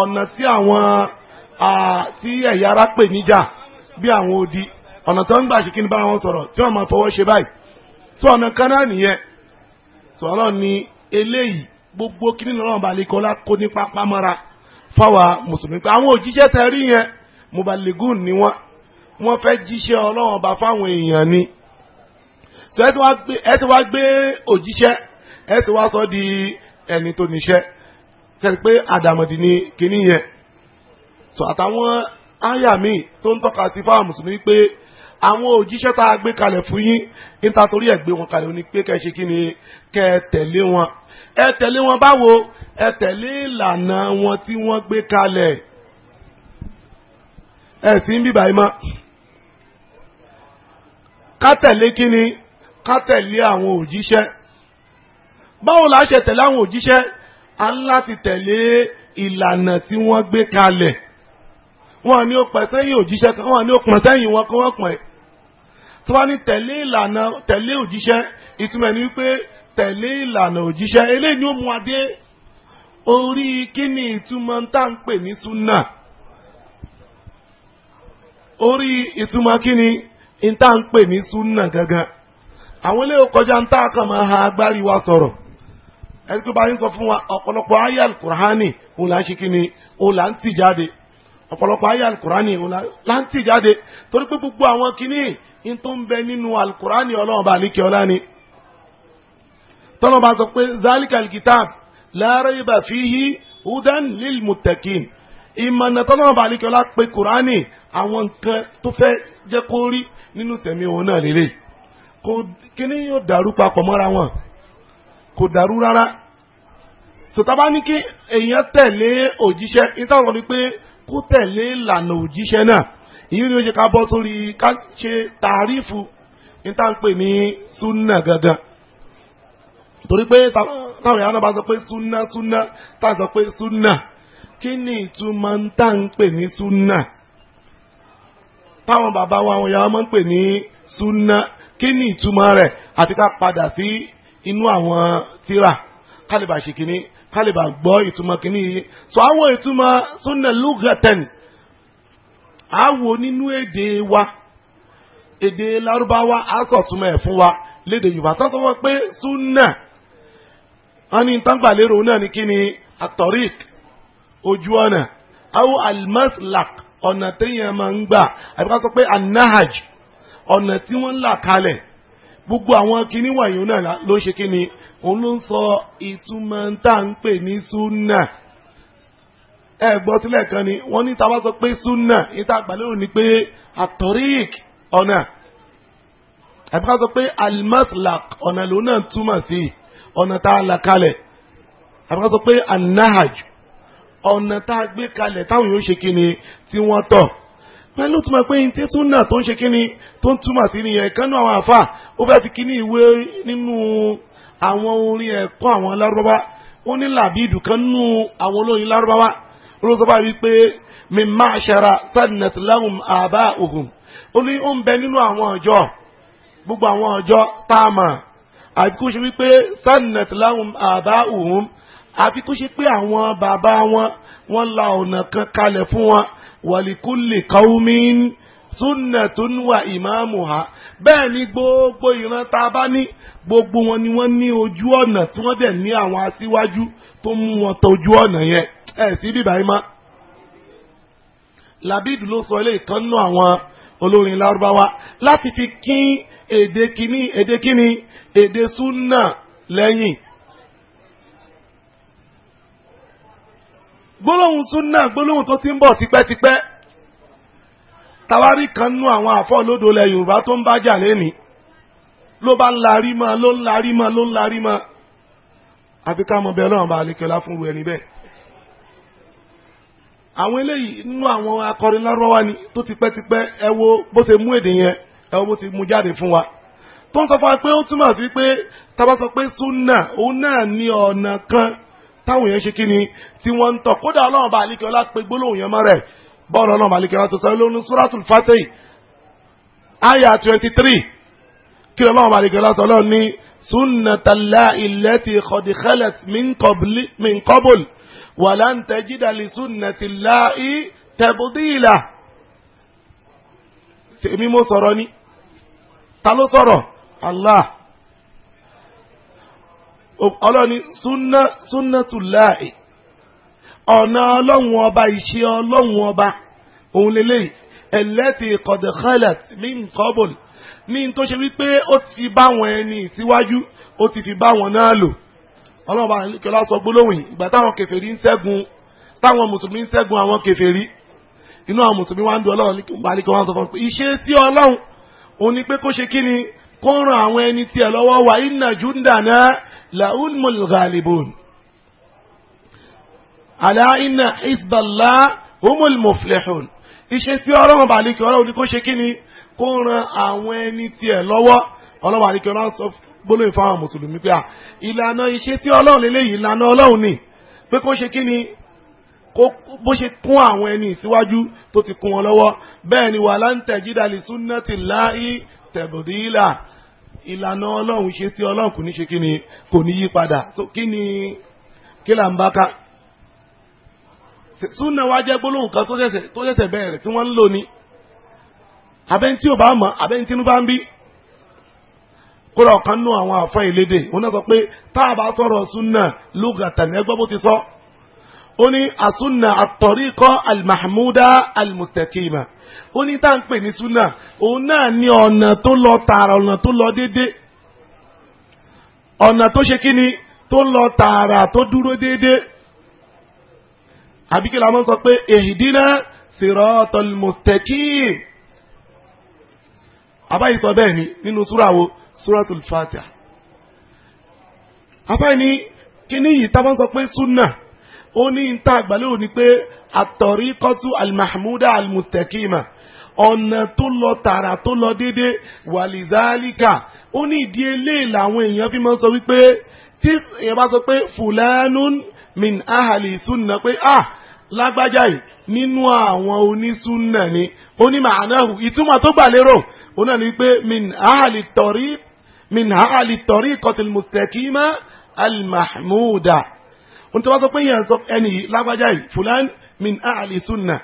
ọ̀nà tí àwọn tí ẹ̀yà ara pè níjà bí àwọn odi ọ̀nà tó ń gbà ṣe kí ni bá wọn sọ̀rọ̀ tí wọ́n máa fọwọ́ ṣe báyìí tó ọ̀nà kan náà nìyẹn sọ̀rọ̀ ni eléyìí gbogbo kí nínú ọ̀rọ̀ balẹ̀kọ́lá kó ní pápá mọ́ra fáwa mùsùlùmí pé àwọn òjíṣẹ́ tẹ rí yẹn mubaligun ni wọ́n wọ́n fẹ́ jíṣẹ́ ọlọ́run ọba fáwọn èèyàn ni ẹ ti wá gbé òjíṣẹ́ ẹ ti wá sọ di ẹni tó níṣẹ́ sẹ́ni pé àdàmọ̀dì ni kínní yẹn sọ àtàwọn àyà mi tó ń tọ́ka sí fáwọn mùsùlùmí pé àwọn òjíṣẹ́ tá a gbé kalẹ̀ fún yín níta torí ẹ̀ gbé wọn kalẹ̀ ó ní pé kẹ́ ẹ ṣe kí ni kẹ́ ẹ tẹ̀lé wọn ẹ tẹ̀lé wọn báwo ẹ tẹ̀lé ìlànà wọn tí wọ́n gbé kalẹ̀ ẹ sì ń bíbá ẹ mọ́ ká tẹ̀lé kí ni ká tẹ̀lé àwọn òjíṣẹ́ báwo la ṣe tẹ̀lé àwọn òjíṣẹ́ a ń láti tẹ̀lé ìlànà tí wọ́n gbé kalẹ̀ wọ́n ní ó pẹ́ sẹ́yìn òjíṣẹ́ kan wọ́n ní ó pẹ́ sẹ́yìn wọn kan wọ́n pẹ́ tí wọ́n ní tẹ̀lé ìlànà tẹ̀lé òjíṣẹ́ ìtumọ̀ ni wípé tẹ̀lé ìlànà òjíṣẹ́ eléyìí ó mú orí kíni ìtumọ̀ tá à ń pè orí ìtumọ̀ kíni tá à ń pè ní súnà gangan àwọn eléyìí kọjá ń ha agbárí wa sọ̀rọ̀. ẹni tó bá ń sọ fún wa ọ̀pọ̀lọpọ̀ ayé alukurani òun là ń ṣe kí ni òun là ń tì jáde ọ̀pọ̀lọpọ̀ ayé alukurani òun là ń tì jáde torí pé gbogbo àwọn kìíní in tó ń bẹ nínú alukurani ọlọ́run bá ní kí ọlá ni tọ́lọ́ bá sọ pé zalikal kitab la rayba fihi hudan lil muttaqin ìmọ̀nà tọ́lọ́ bá ní kí ọlá pé kurani àwọn nǹkan tó fẹ́ jẹ́ kó rí nínú sẹ̀mí òun náà lélẹ̀ kò kíní yóò dàrú papọ̀ mọ́ra wọn kò dàrú rárá sọtaba ní kí èèyàn tẹ̀lé òjíṣẹ́ nítorí wọn ni pé kó tẹ̀lé ìlànà òjíṣẹ́ náà èyí ni ó ṣe ká bọ́ sórí ká ṣe tàrífù níta ń pè ní súnà gangan torí pé táwọn èèyàn náà bá sọ pé súnà súnà táà sọ pé súnà kí ni ìtumọ̀ ń tà ń pè ní súnà táwọn bàbá wa àwọn ìyá wa máa ń pè ní súnà kí ni ìtumọ̀ rẹ̀ àti ká padà sí inú àwọn tíra kálíbà ṣe kínní kálíbà gbọ́ ìtumọ̀ kínní yìí sọ àwọn ìtumọ̀ sunna lugatan àwò nínú èdè wa èdè lárúbáwá àkọ̀túnmọ̀ ẹ̀ fún wa léde yorùbá tó sọ wọn pé sunna wọn ní tàǹgbà lérò náà ní kínní atọ́rík ojú ọ̀nà àwọn almaslak ọ̀nà téèyàn máa ń gbà àbíká sọ pé anahaj ọ̀nà tí wọ́n ń là kalẹ̀ gbogbo àwọn kinní wọ̀nyí náà ló ṣe kíni òun ló ń sọ ìtumọ̀ tá à ń pè ní súnà ẹ gbọ́ sílẹ̀ kan ni wọ́n ní táwa sọ pé súnà ní tá a gbà ni pé atoric ọ̀nà àbí ká sọ pé almaslak ọ̀nà ló náà túmọ̀ sí ọ̀nà tá a là kalẹ̀ àbí sọ pé anahaj ọ̀nà tá a gbé kalẹ̀ táwọn yóò ṣe kíni tí wọ́n tọ̀ pẹ̀lú tó máa pé ní tẹ́tún náà tó ń ṣe kíni tó ń túmọ̀ sí nìyẹn kánú àwọn àfà ó fẹ́ fi kíní ìwé nínú àwọn orin ẹ̀kọ́ àwọn lárúbáwá ó ní làbídù kan nú àwọn olóyin lárúbáwá olóṣọ́bà wípé mi máa ṣara sadnat lahum àbá òhùn ó ní ó ń bẹ nínú àwọn ọjọ́ gbogbo àwọn ọjọ́ tá a mọ̀ àbí kó ṣe wípé sadnat lahum àbá òhùn àbí kó ṣe pé àwọn bàbá wọn wọn la ọ̀nà kan kalẹ̀ fún wọn wàlíkúlì káwọ́mìn sunnatun wa imamuha bẹ́ẹ̀ ni gbogbo ìran tá a bá ní gbogbo wọn ni wọ́n ní ojú ọ̀nà tí wọ́n dẹ̀ ní àwọn aṣíwájú tó mú wọn tọ́jú ọ̀nà yẹn ẹ̀ sí bíbá yìí mọ́. Labid ló sọ ilé ìkànnú àwọn olórin lárúbáwá láti fi kín èdè kíní èdè kíní èdè súnà lẹ́yìn gbólóhùn súnà gbólóhùn tó ti ń bọ̀ tipẹ́tipẹ́ tawárí kan nú àwọn àfọ́lódò ilẹ̀ yorùbá tó ń bájà lẹ́nìí ló bá ń larí mọ́ ló ń larí mọ́ ló ń larí mọ́ àfi ká mọ bẹ́ẹ̀ lọ́wọ́n bá lè kíọ́lá fún ẹni bẹ́ẹ̀. àwọn eléyìí nú àwọn akọrin lárọ́wá ni tó tipẹ́tipẹ́ ẹ wo bó ṣe mú èdè yẹn ẹ wo bó ti mú jáde fún wa tó ń sọ fún wa pé ó túmọ̀ sí pé tá sọ pé súnà òun náà ní ọ̀nà kan táwọn èèyàn ṣe kí ni tí wọ́n ń tọ̀ kódà ọlọ́run bá àlíkẹ́ ọlá pé gbólóhùn yẹn mọ́ rẹ̀ bọ́ọ̀lù ọlọ́run bá àlíkẹ́ ọlá tó sọ lónú suratul fatih aya twenty three kí ọlọ́run bá àlíkẹ́ ọlá tó ọlọ́run ní sunnatala illati qad khalat min qabl wa lan tajida li mo sọ̀rọ̀ ni ta ló sọ̀rọ̀ Allah ọlọ́ni súnná súnná tù láàyè ọ̀nà ọlọ́run ọba ìṣe ọlọ́run ọba òun lélẹ́yìí ẹlẹ́tì kọ̀dẹ̀kọ́lẹ̀t ní nkọ́bùl ní tó ṣe wípé ó ti bá wọn ẹni síwájú ó ti fi bá wọn náà lò ọlọ́run bá nìkan lásọ gbólóhùn ìgbà táwọn kèfèrí ń ṣẹ́gun táwọn mùsùlùmí ń ṣẹ́gun àwọn kèfèrí inú àwọn mùsùlùmí wá ń du ọlọ́run nípa wọn sọ fún mi ìṣe sí ọlọ́run òun ni pé kó ṣe kí kó ràn àwọn ẹni tiẹ̀ lọ́wọ́ wa ìnà júndà náà لهم الغالبون على إن حزب الله هم المفلحون iṣẹ́ tí ọlọ́run bá lè kí ọlọ́run ní kó ṣe kí ni kó ran àwọn ẹni tiẹ̀ lọ́wọ́ ọlọ́run bá lè kí ọlọ́run sọ gbólóyìn fáwọn mùsùlùmí pé à ìlànà iṣẹ́ tí ọlọ́run lélẹ́yìí ìlànà ọlọ́run ni pé kó ṣe kí ni bó ṣe kún àwọn ẹni ìsíwájú tó ti kún wọn lọ́wọ́ bẹ́ẹ̀ ni wà láǹtẹ̀jídàlì súnnàtì láì tẹ̀bùdílà ìlànà ọlọ́run ṣe sí ọlọ́run kò ní ṣe kí ni kò ní yí padà so kí ni kí là ń bá ká súnà wa jẹ́ gbólóhùn kan tó ṣẹ̀ṣẹ̀ bẹ̀rẹ̀ tí wọ́n ń lò ní abẹ́ntí ò bá mọ̀ abẹ́ntí inú bá ń bí kóra ọ̀kan nú àwọn àfọ ìlédè wọn náà sọ pé tá a bá sọ̀rọ̀ súnà lóògùn àtàlẹ́gbọ́ bó ti sọ. So ó ní àsúnà àtọ̀ríkọ́ almahmuda almustakima ó ní tá à ń pè ní súnà òun náà ní ọ̀nà tó lọ tààrà ọ̀nà tó lọ déédé ọ̀nà tó ṣe kí ni tó lọ tààrà tó dúró déédé àbíkí làwọn sọ pé ihdina siratal mustakim àbáyé sọ bẹ́ẹ̀ ni nínú súra wo súratul fatiha àbáyé ni yìí táwọn sọ pé súnà ó ní níta àgbàlẹ́ òní pé àtọ̀rí kọ́tù alimahmuda alimustakima ọ̀nà tó lọ tààrà tó lọ dédé wàlìzálíkà ó ní ìdí eléyìí làwọn èèyàn fi máa ń sọ wípé tí èèyàn bá sọ pé fulanun min ahali sunna pé ah lágbájá yìí nínú àwọn onísúnà ni ó ní màánáhù ìtumọ̀ tó gbà lérò ó náà ní pé min ahali tọ̀rí min ahali tọ̀rí kọ́tù alimahmuda ohun tó bá sọ pé yẹn sọ ẹni yìí lágbájá yìí fulan min ahli sunna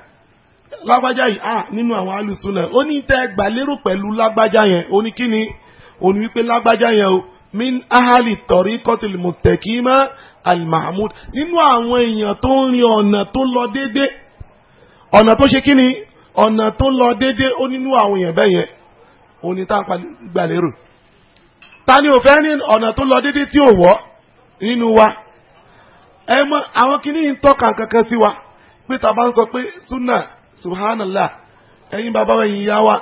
lágbájá yìí ah nínú àwọn ahli sunna ó ní tẹ́ gbà lérò pẹ̀lú lágbájá yẹn ó ní kí ni ó ní wípé lágbájá yẹn o min ahali tariqatil mustaqima al-mahmud nínú àwọn èèyàn tó ń rin ọ̀nà tó lọ déédéé ọ̀nà tó ṣe kí ni ọ̀nà tó lọ déédéé ó nínú àwọn èèyàn bẹ́ẹ̀ yẹn ó ní tá a gbà lérò ta ni ò ọ̀nà tó lọ déédéé tí ò wọ́ nínú wa ẹ mọ àwọn kìíní yìí ń tọ́ka kankan sí wa pé tá ń sọ pé sunna subhanallah ẹ̀yin bàbá wa ẹ̀yin yá wa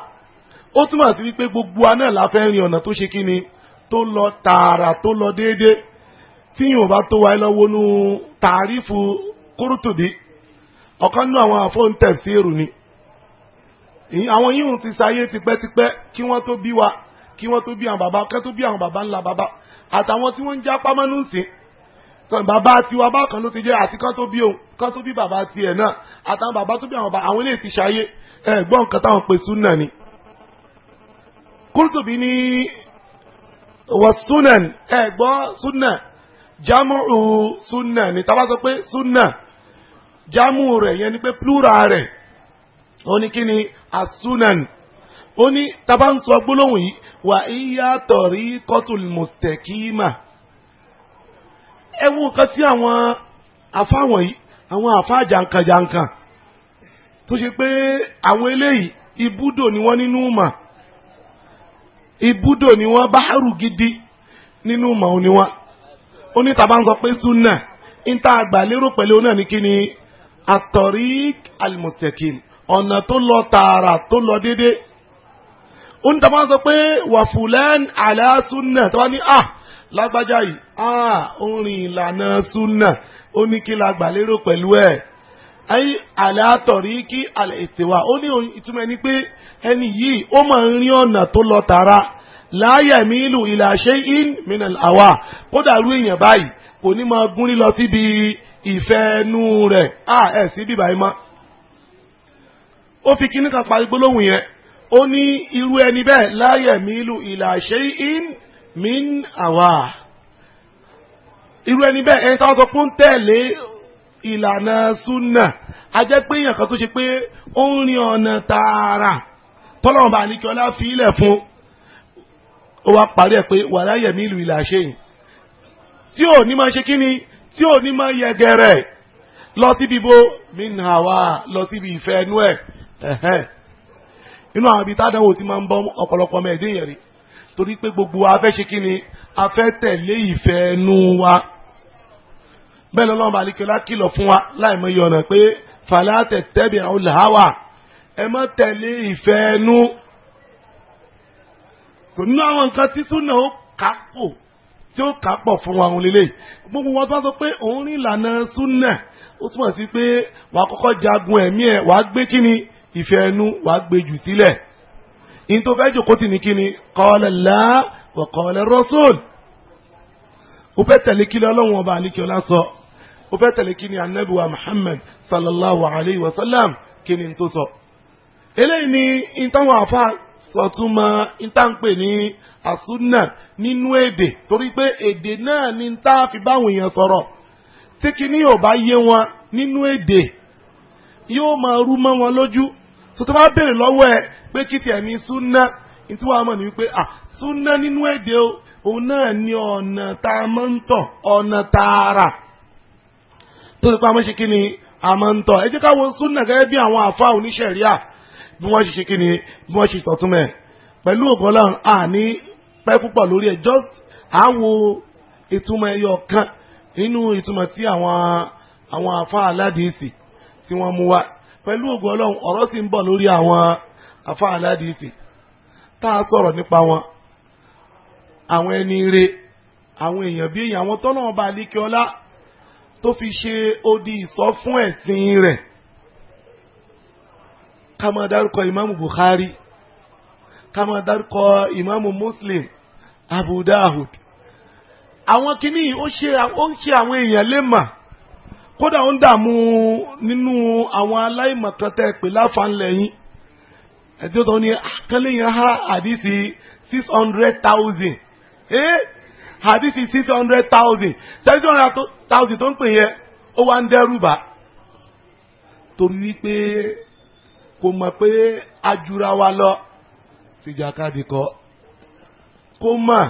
ó túmọ̀ sí wípé gbogbo aná la fẹ́ rin ọ̀nà tó ṣe kí ni tó lọ tààrà tó lọ déédéé tí yìí ò bá tó wa ẹ lọ́wọ́ nú tààrífù kúrútùdí ọ̀kan nínú àwọn àfọ̀n tẹ̀síìrù ni àwọn yìí ti sáyé tipẹ́tipẹ́ kí wọ́n tó bí wa kí wọ́n tó bí àwọn bàbá kẹ́ tó bí àwọn bàbá ńlá bàbá àtàwọn tí wọ́n ń jápá mọ́nú sìn bàbá tiwa bákan ló ti jẹ́ àti kán tó bí òun kán tó bí bàbá tiẹ̀ náà àtàwọn bàbá tó bí àwọn bàbá àwọn ilé ti ṣayé ẹ gbọ́ nǹkan táwọn pè súnà ni. kúrútùbí ní wọ́n súnà ni ẹ gbọ́ súnà jámùrù súnà ni tá sọ pé súnà jámù rẹ̀ yẹn ni pé plural rẹ̀ ó ní kí ni asúnan ó ní tá ń sọ gbólóhùn yìí wà á yàtọ̀ rí kọ́tùl Ewu wo nǹkan tí àwọn àfa wọ̀nyí àwọn àfa jàǹkàjàǹkà tó ṣe pé àwọn eléyìí ibùdó ni wọ́n nínú mà ibùdó ni wọ́n báárù gidi nínú mà ò wọn onítàbá ń sọ pé ń lérò ni ọ̀nà tó lọ tààrà tó lọ déédéé. ó ní tàbá sọ pé wàfúlẹ́n àlàásúnà tàbá ní à ah, lágbájá yìí à ah, orin ìlànà súnà ó ní kí la gbà lérò pẹ̀lú ẹ̀ ayé àlàátọ̀rí kí àlẹ́ ìtìwà ó ní ìtumọ̀ ẹni pé ẹni yìí ó máa ń rí ọ̀nà tó lọ tààrà láyà mílù ìlàṣẹ in minal àwa kódà rú èèyàn báyìí kò ní máa gúnrí lọ síbi ìfẹ́nu rẹ̀ à ah, ẹ̀ sí bíbá mọ́. ó fi kíní kan parí gbólóhùn yẹn ó ní irú ẹni bẹ́ẹ̀ láyẹ̀ mílù ìlà shay'in min àwa irú ẹni bẹ́ẹ̀ ẹni táwọn sọ pé ó ń tẹ̀lé ìlànà súnà a jẹ́ pé èèyàn kan tó ṣe pé ó ń rin ọ̀nà tààrà tọ́lọ́mọba àníkíọ́lá fi ilẹ̀ fún ó wá parí ẹ̀ pé wà láyẹ̀ mílù ìlà shay'in tí ò ní máa ṣe kí ni tí ò ní máa yẹgẹrẹ lọ síbi bo min àwa lọ síbi ìfẹ́ ẹnu ẹ̀ ẹ̀hẹ́ nínú àwọn ibi tádàwò ti máa ń bọ́ ọ̀pọ̀lọpọ̀ ọmọ ẹ̀dẹ́ yẹn rí torí pé gbogbo wa fẹ́ ṣe kí ni a fẹ́ tẹ̀lé ìfẹ́ ẹnu wa bẹ́ẹ̀ lọ́lọ́run àlekèlá kìlọ̀ fún wa láì mọ iye ọ̀nà pé fàlàtẹ̀ tẹ́bi àwọn làwà ẹ má tẹ̀lé ìfẹ́ ẹnu kò nínú àwọn nǹkan tí súnà ó kápò tí ó kápọ̀ fún wa òun lélẹ̀ gbogbo wọn tó sọ pé òun rìn ìlànà súnà ó túmọ̀ sí pé wàá kọ́kọ́ jagun ẹ̀mí ẹ̀ wàá gbé kíni ìfẹ́ ẹnu wàá gbé jù sílẹ̀ in tó fẹ́ jòkó tì ní kíni qala Allah wa qala rasul o fẹ́ tẹ̀lé kíni ọlọ́run ọba àlekí ọlá sọ o fẹ́ tẹ̀lé kíni anabiwa muhammad sallallahu alayhi wa sallam kíni tó sọ. eléyìí ni ìtàwọn àfa sọtúnmọ ìtànpè ní àsúnà nínú èdè torí pé èdè náà ni tá fi báwọn èèyàn sọ̀rọ̀ tí kíní ò bá yé wọn nínú èdè yóò máa rú mọ́ wọn lójú so tó bá béèrè lọ́wọ́ ẹ pé kí tiẹ̀ ní súnà ní tí wàá mọ̀ ní wípé à ah, súnà nínú èdè òun náà ni ọ̀nà tá a máa ń tọ̀ ọ̀nà tààrà tó ti pa àmọ́ ṣe kí ni a máa ń tọ̀ ẹ jẹ́ ká wo súnà gẹ́gẹ́ bí àwọn àfa oníṣẹ̀ríà bí wọ́n ṣe ṣe kí ni bí wọ́n ṣe sọ̀túnmẹ̀ pẹ̀lú ògùn ọlọ́run a ní pẹ́ púpọ̀ lórí ẹ̀ just à ń wo ìtumọ̀ ẹyọ kan nínú ìtumọ̀ tí àwọn àwọn àfa aládìísì tí wọ́n mú wá pẹ̀lú ògùn ọlọ́run ọ̀rọ̀ sì ń bọ̀ lórí àwọn afáà aládìísì tá a sọ̀rọ̀ nípa wọn àwọn ẹni re àwọn èèyàn bí èèyàn àwọn tọ́nà ọba àlékeọlá tó fi ṣe odi ìsọ fun ẹ̀sìn rẹ̀ ká máa dárúkọ ìmáàmù Bukhari ká máa dárúkọ ìmáàmù Muslim Abu Dawud àwọn kìíní ó ń ṣe àwọn èèyàn lè mà. kódà ó ń dààmú nínú àwọn aláìmọ̀kan tẹ́ pè láfanlẹ̀ yín ẹ̀tí ó tọ́ ní akẹ́lẹ́ yẹn há àdìsí six hundred thousand eh àdìsí six hundred thousand six hundred thousand tó ń pè yẹn ó wá ń dẹ́rù bá torí wípé kò mọ̀ pé ajura wa lọ síjàkadì kọ́ kó mọ̀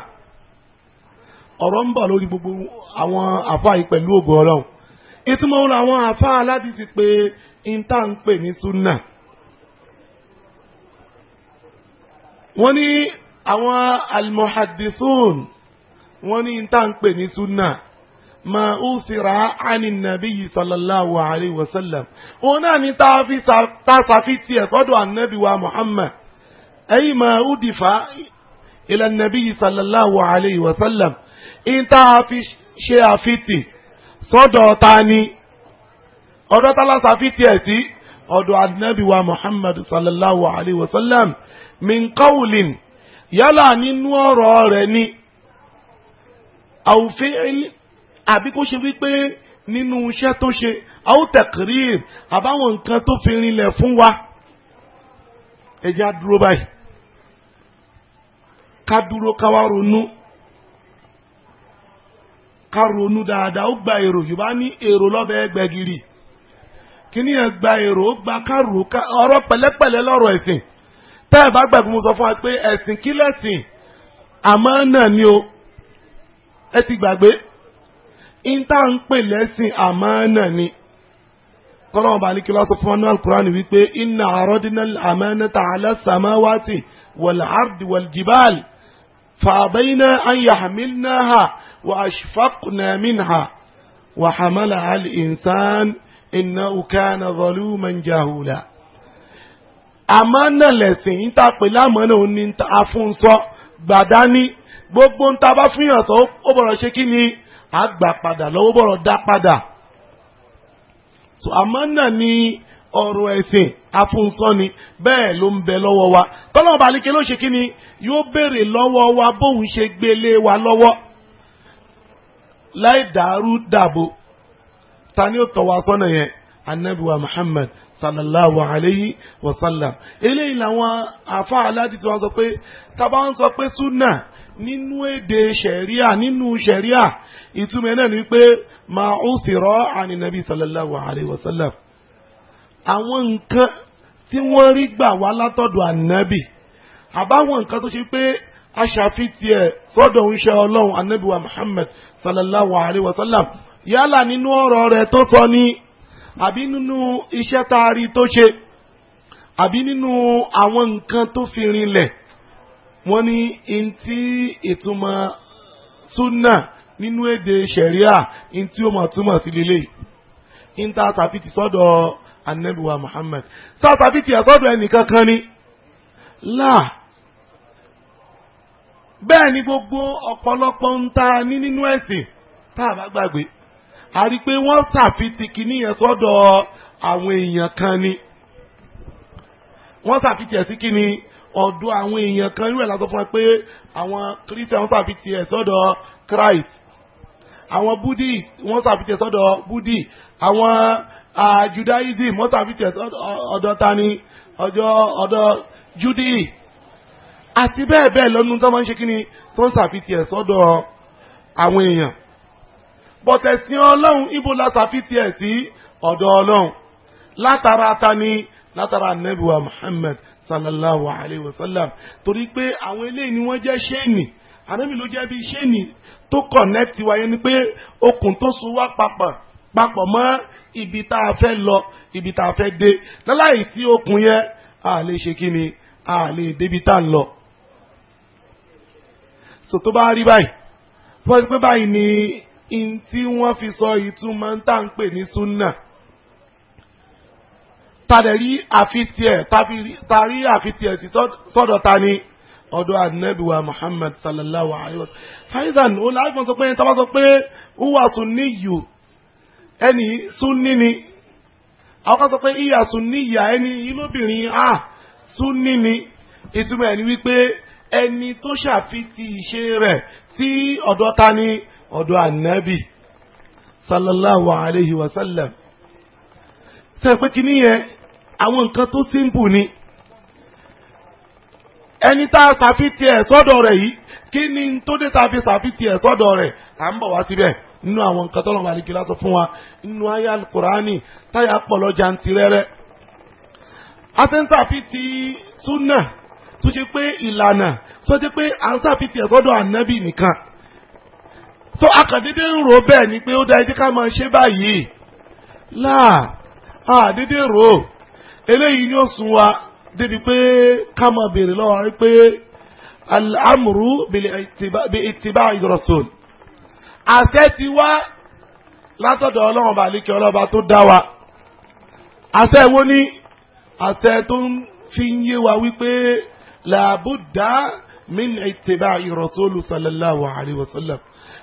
ọ̀rọ̀ ń bọ̀ lórí gbogbo àwọn àfáà yìí pẹ̀lú ògo ọlọ́run ìtumọ̀ wọn làwọn àáfàá láti ti pé ìta ń pè ní súnà. wọ́n ní àwọn almohadisun wọ́n ní ìta ń pè ní súnà ma usira ani nabi sallallahu alayhi wa sallam òun náà ni tá a sàfi tiẹ̀ sọ́dọ̀ anabi wa muhammad ayi ma udifa ila nabi sallallahu alayhi wa sallam in fi ṣe àfitì sọ́dọ̀ ta ni ọ̀dọ̀ tálásà fi tiẹ̀ sí ọ̀dọ̀ anabi muhammad sallallahu alayhi wa sallam min qawlin yálà nínú ọ̀rọ̀ rẹ̀ ni àwùfẹ́ àbí kó ṣe wípé nínú iṣẹ́ tó ṣe àwọn tẹ̀kìrìb àbáwọn nǹkan tó fi rinlẹ̀ fún wa ẹja dúró báyìí ká dúró ká wá ronú ká ronú dáadáa ó gba èrò yorùbá ní èrò lọ́bẹ̀ gbẹ̀gìrì kíní yẹn gba èrò ó gba ká rò ká ọ̀rọ̀ pẹ̀lẹ́pẹ̀lẹ́ lọ́rọ̀ ẹ̀sìn tẹ́ ẹ̀ bá gbàgbé mo sọ fún wa pé ẹ̀sìn kí lẹ́sìn àmọ́ náà ni o ẹ ti gbàgbé ìta ń pè lẹ́sìn àmọ́ náà ni tọ́lọ́mù bá ní kí lọ́sọ fún anú alukurani wípé inna àròdínà àmánata ala samawati wal ardi wal jibal fàbẹ́yìnà an yahmilnaha. وأشفقنا منها وحملها الإنسان إنه كان ظلوما جهولا àmánà lẹ̀sìn ń ta pè lámánà òun ni a fún sọ gbàdá ní gbogbo ń ta bá fún yàn tó ó bọ̀rọ̀ ṣe kí ni a gbà padà lọ́wọ́ bọ̀rọ̀ dá padà so àmánà ni ọ̀rọ̀ ẹ̀sìn afúnsọ́ bẹ́ẹ̀ ló ń bẹ lọ́wọ́ wa tọ́lọ́mọba àlíkẹ́ ló ṣe kí ni yóò béèrè lọ́wọ́ wa bóun ṣe gbélé wa lọ́wọ́ láì dàrú dàbò ta ni ó tọ́ wa sọ́nà yẹn anabiwa muhammad sallallahu alayhi wa sallam eléyìí làwọn afa aládìí tí wọn sọ pé taba ń sọ pé sunna nínú èdè sẹríà nínú sẹríà ìtumọ̀ náà ni pé màá ń sèrọ ànínàbí sallallahu alayhi wa sallam àwọn nǹkan tí wọ́n rí gbà wá látọ̀dọ̀ ànábì àbáwọn nǹkan tó ṣe pé aṣàfihàn sọ́dọ̀ ń ṣe ọlọ́run anabiwa muhammed sallallahu alaihi wa sallam yálà nínú ọ̀rọ̀ rẹ̀ tó sọ ni àbí nínú iṣẹ́ tá a rí tó ṣe àbí nínú àwọn nǹkan tó fi rinlẹ̀ wọ́n ní ntí ìtumọ̀ sunna nínú èdè sẹ̀ríà ntí ó mọ̀ túmọ̀ sí lélẹ̀ níta tàbí ti anabiwa muhammed sá tàbí ti ẹ̀ sọ́dọ̀ ẹnìkan ni láà bẹ́ẹ̀ ni gbogbo ọ̀pọ̀lọpọ̀ ń ta ní nínú ẹ̀sìn tá a bá gbàgbé a rí i pé wọ́n ṣàfitì kìíní yẹn sọ́dọ̀ àwọn èèyàn kan ni wọ́n ṣàfitì ẹ̀ sí kìíní ọ̀dọ̀ àwọn èèyàn kan irú ẹ̀ la sọ fún wa pé àwọn Christian wọ́n ṣàfitì ẹ̀ sọ́dọ̀ Christ àwọn Búdì wọ́n ṣàfitì ẹ̀ sọ́dọ̀ Búdì àwọn Judaism wọ́n ṣàfitì ẹ̀ sọ́dọ̀ ọ̀dọ̀ tani ọ̀dọ̀ Judaism àti bẹ́ẹ̀ bẹ́ẹ̀ lọ́nu tó máa ń ṣe kí ni tó ń ṣàfitì ẹ̀ sọ́dọ̀ àwọn èèyàn bọ̀tẹ̀sìn ọlọ́run ibo la ṣàfitì ẹ̀ sí ọ̀dọ̀ ọlọ́run látara ta ni látara anabiwa Muhammad sallallahu alayhi wa sallam torí pé àwọn eléyìí ni wọ́n jẹ́ ṣéènì anabi ló jẹ́ bí ṣéènì tó kọ̀nẹ́tì wáyé ni pé okùn tó so wá papọ̀ papọ̀ mọ́ ibi tá a fẹ́ lọ ibi tá a fẹ́ dé láláì sí okùn yẹn a lè ṣe kí ni a lè débi tá a lọ so tó bá rí báyìí tó pé báyìí ni in tí wọ́n fi sọ ìtumọ̀ ń tà ń pè ní súnà tàdé rí àfitiẹ̀ tàrí àfitiẹ̀ sí sọ́dọ̀ ta ni ọ̀dọ̀ anabi wa muhammad sallallahu alayhi wa sallam ó láìpẹ́ sọ pé tọ́ba sọ pé ó sunni yù ẹni sunni ni àwọn kan sọ pé ìyà sunni yà ẹni yìí lóbìnrin ah sunni ni ìtumọ̀ ẹni wípé ẹni tó ṣàfitì iṣẹ́ rẹ̀ sí ọ̀dọ̀ ta ni ọ̀dọ̀ ànábì sallallahu alayhi wa sallam sẹ́yìn pé kí nìyẹn àwọn nǹkan tó simple ni ẹni tá a ṣàfitì ẹ̀ sọ́dọ̀ rẹ̀ yìí kí ni tó dé tá a fi ṣàfitì ẹ̀ sọ́dọ̀ rẹ̀ à ń bọ̀ wá síbẹ̀ nínú àwọn nǹkan tọ́lọ́mọ àlejò láti fún wa nínú ayé alukurani táyà pọ̀ lọ́jà ń tirẹ́rẹ́ àti ń ṣàfitì súnà tó ṣe pé ìlànà tó ṣe pé à ń sàfitì ẹ̀ sọ́dọ̀ ànábì nìkan tó akàndédé ń rò bẹ́ẹ̀ ni pé ó da ẹdí ká máa ṣe báyìí láà àdédé rò eléyìí ni ó sún wa débi pé ká máa béèrè lọ́wọ́ pé al bi-ittiba' ar àṣẹ ti wá látọ̀dọ̀ ọlọ́run bàálíkẹ́ ọlọ́ba tó dá wa àṣẹ wo ni àṣẹ tó ń fi yé wa wípé làbúdà min ìtìbà rasulu sallallahu الله wa sallam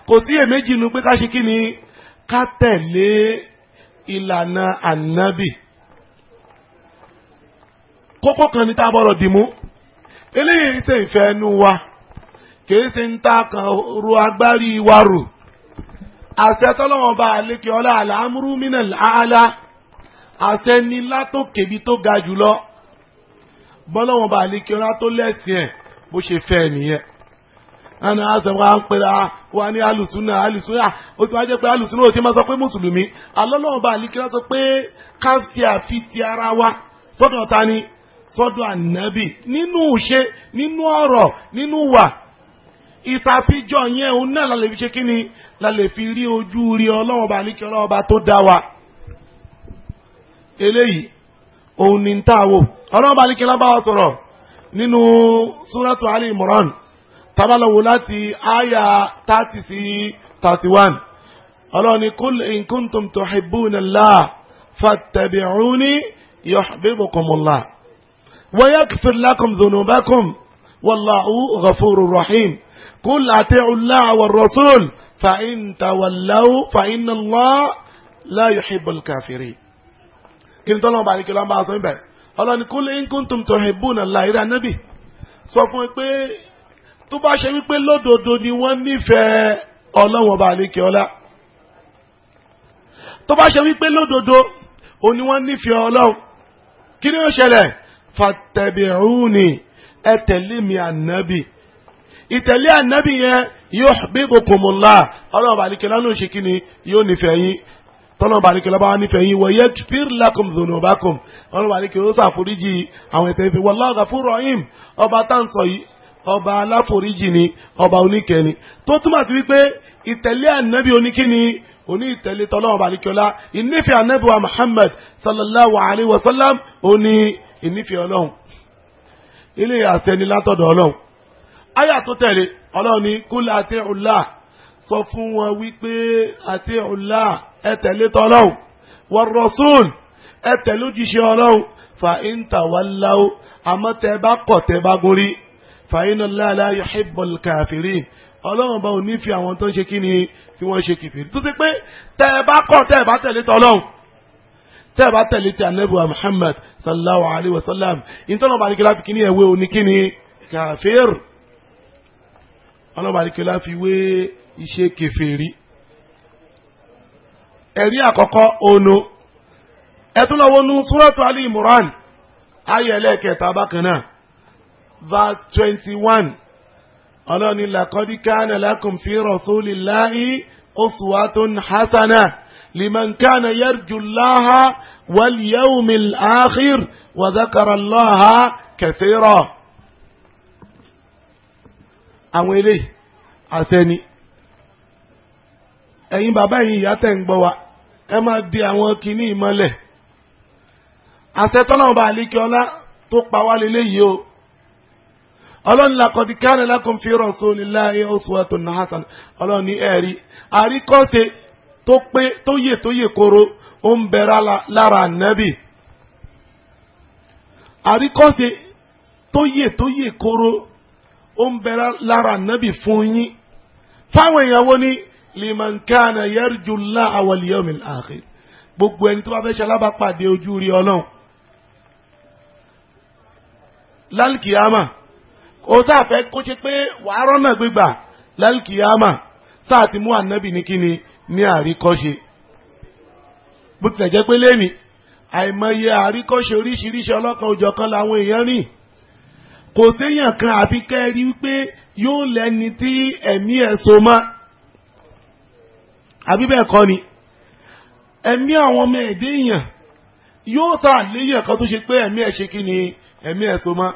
kò sí èméjì nu pé ká ṣe kí ni ká tẹ̀lé ìlànà ànábì kókó kan ní tá a bọ̀rọ̀ dìmú eléyìí ṣe ìfẹ́ nu wa kìí ṣe ń ta kan ru agbárí wa rò àṣẹ tọ́lọ́wọ́n bá àlékè àlàámúrú mínà àlá àṣẹ ni látòkèbi tó ga jùlọ bọ́lọ́wọ́n bá lè kí ọlá tó lẹ́sìn ẹ̀ bó ṣe fẹ́ nìyẹn àná àṣẹwà ń pera ah, wa ní alùsùnà alùsùnà ó ti wá jẹ́ pé alùsùnà ò ti máa sọ pé mùsùlùmí alọ́lọ́wọ́n bá lè kí ọlá sọ pé káfíà àfi ti ara wa sọ́dọ̀ ta ni sọ́dọ̀ ànábì nínú ìṣe nínú ọ̀rọ̀ nínú wà ìsàfijọ́ yẹn òun náà la lè fi ṣe kí ni la lè fi rí ojú rí ọlọ́wọ́n bá ní kí ọlọ́wọ́n bá tó dá wa. eléyìí òun ni ń táwò ọlọ́run bá nìkẹ́ lábá wa sọ̀rọ̀ nínú súrátù Ali Imran tábàlọ́wọ́ láti àyà thirty sí thirty one ọlọ́run ní kul in kuntum tuhibbuna Allah fattabi'uni yuhbibkumullah wa yaghfir lakum dhunubakum wallahu ghafurur rahim kul ati'u Allah war rasul fa in tawallaw fa kí ni tọ́lọ́mọba àríkè lọ́nba àtọ́ níbẹ̀ ọlọ́ni kul in kuntum tuhibbuna Allah ìrẹ́ ànábì sọ fún pé tó bá ṣe wípé lódodo ni wọ́n nífẹ̀ẹ́ ọlọ́wọ̀nba àríkè ọlá tó bá ṣe wípé lódodo òun ni wọ́n nífẹ̀ẹ́ ọlọ́run kí ni ó ṣẹlẹ̀ fattabi'uni ẹ tẹ̀lé mi ànábì ìtẹ̀lé ànábì yẹn yuhbibkumullah ọlọ́wọ̀nba àríkè lọ́nà òṣèkí ni yóò nífẹ̀ẹ́ yín tọ́lọ́mù balikẹ́ lọ́ba nífẹ̀ẹ́ yín wọ̀nyẹ́ fír lakum dhunubakum tọ́lọ́mù balikẹ́ ló ṣàforíjì àwọn ẹ̀ṣẹ̀ fi wallahu ghafur rahim ọba tá à ń sọ yìí ọba aláforíjì ni ọba oníkẹ́ni tó túmọ̀ sí wípé ìtẹ̀lé ànábì oníkíni oní ìtẹ̀lé tọ́lọ́mù balikẹ́ ọlá ìnífẹ̀ẹ́ ànábì wa Muhammad sallallahu alayhi wa sallam ẹ tẹ̀lé tọ́lọ́hùn wọ́n rọ́sùn ẹ tẹ̀lé òjíṣẹ́ ọlọ́hùn fa ìntà wà láwù àmọ́ tẹ bá kọ̀ tẹ bá gorí fa iná láàlá yuhibbul kafirin ọlọ́run bá ò ní fi àwọn tó ń ṣe kí ni tí wọ́n ṣe kìfìrí tó ti pé tẹ bá kọ̀ tẹ bá tẹ̀lé tọ́lọ́hùn tẹ bá tẹ̀lé ti anabi wa Muhammad alayhi wa sallam ìtọ́nà bá ní kí láti ẹ̀wé òní kí ni kàfíìr ọlọ́run bá ní fi wé iṣẹ́ kẹfẹ́ ẹ̀rí àkọ́kọ́ ono ẹtúlọ́wọ́nú súrọ́tù alì imran ayé ẹlẹ́ẹ̀kẹta bákan náà verse twenty one ọlọ́ni làkọ́dí kánà lakum fi rasulillahi uswatun hasana liman kánà yarjullaha wal yawmil akhir wa dhakara allaha àwọn eléyìí àṣẹ ẹ̀yin bàbá ẹ̀yin ìyá tẹ̀ ń gbọ́ wa ẹ máa di àwọn kinní ìmọ́lẹ̀ àtẹ̀tọ́nà ọba àlékiọlá tó pa wá lélẹ́yìí o ọlọ́run làkọ̀dí kánà lakum fi rasulillahi uswatun hasana ọlọ́run ní ẹ̀rí àríkọ́ṣe tó pé tó yè tó yè koro ó ń bẹ lára ànábì àríkọ́ṣe tó yè tó yè koro ó ń bẹ lára ànábì fún yín fáwọn èèyàn wo ni liman kana yarju Allah wal yawmil akhir gbogbo ẹni tó bá fẹ́ ṣe alábàápàdé ojú rí ọlọ́run lálkìyàmà ó tá a fẹ́ kó ṣe pé wàá rọ́nà gbígbà lálkìyàmà sáà ti mú ànábì ní kíni ní àríkọ́ṣe bó tilẹ̀ jẹ́ pé lẹ́ni àìmọye àríkọ́ṣe oríṣiríṣi ọlọ́kan òjọ̀kan làwọn èèyàn rìn kò séèyàn kan àbí kẹ́ẹ̀rí wípé yóò lẹ́ni tí ẹ̀mí ẹ̀ so mọ́ àbí bẹ́ẹ̀ kọ́ ni ẹ̀mí àwọn ọmọ ẹ̀dẹ́ èèyàn yóò tà léyìn ẹ̀kọ́ tó ṣe pé ẹ̀mí ẹ̀ ṣe kí ni ẹ̀mí ẹ̀ so mọ́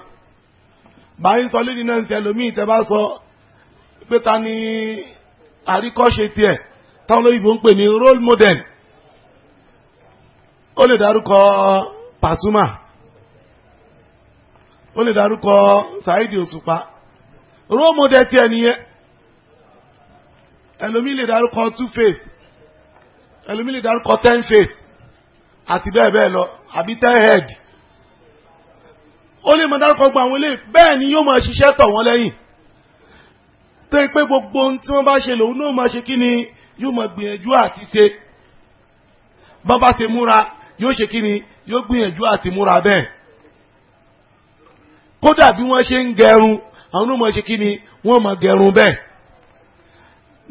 báyìí sọ lẹ́ni náà ń tẹ lómi ìtẹ́ bá sọ pé ta ni àríkọ́ṣe tiẹ̀ táwọn olóyìnbó ń pè ní role model ó lè dárúkọ Pasuma ó lè dárúkọ Saheed Òṣùpá role model tiẹ̀ nìyẹn ẹlòmíì lè dárúkọ two face ẹlòmíì lè dárúkọ ten face àti bẹ́ẹ̀ bẹ́ẹ̀ lọ àbí ten head ó lè mọ dárúkọ gba àwọn eléyìí bẹ́ẹ̀ ni yóò máa ṣiṣẹ́ tọ̀ wọ́n lẹ́yìn tó yẹ pé gbogbo ohun tí wọ́n bá ṣe lòun náà máa ṣe kí ni yóò máa gbìyànjú àti ṣe bá bá múra yóò ṣe kí ni yóò gbìyànjú àti múra bẹ́ẹ̀ kódà bí wọ́n ṣe ń gẹrun àwọn náà máa ni wọ́n máa gẹrun bẹ́ẹ̀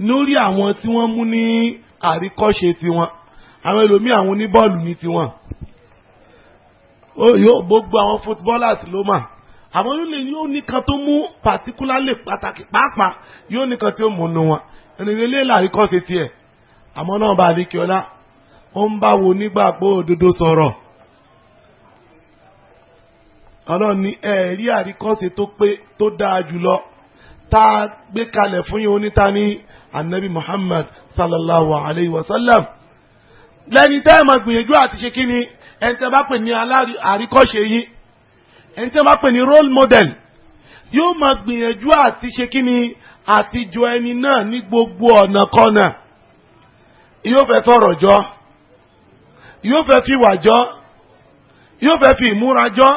lórí àwọn tí wọ́n mú ní àríkọ́ṣe tiwọn àwọn ẹlòmíì àwọn oníbọ́ọ̀lù ní tiwọn yóò gbogbo àwọn footballers ló mà àwọn yóò lè yóò nìkan tó mú particularly pàtàkì pàápàá yóò nìkan tí ó mú nu wọn ènìyàn lè làríkọ́ṣe tiẹ̀ àmọ́ náà bá adékíọ́lá ó ń bá wo nígbàgbọ́ òdodo sọ̀rọ̀ ọlọ́run ní ẹ̀rí àríkọ́ṣe tó pé tó dáa jùlọ tá a gbé kalẹ̀ fún yín oníta ní anabi muhammad sallallahu alayhi wa sallam lẹ́ni tẹ́ ẹ̀ máa gbìyànjú àti ṣe على ni شيء انت bá pè ní àríkọ́ṣe yín ẹni tẹ́ bá pè ní role model yóò máa gbìyànjú àti ṣe kí ni àtijọ́ ẹni náà ní gbogbo ọ̀nà kọ́nà yóò fẹ́ tọrọ jọ yóò fẹ́ fi wà jọ yóò fẹ́ fi ìmúra jọ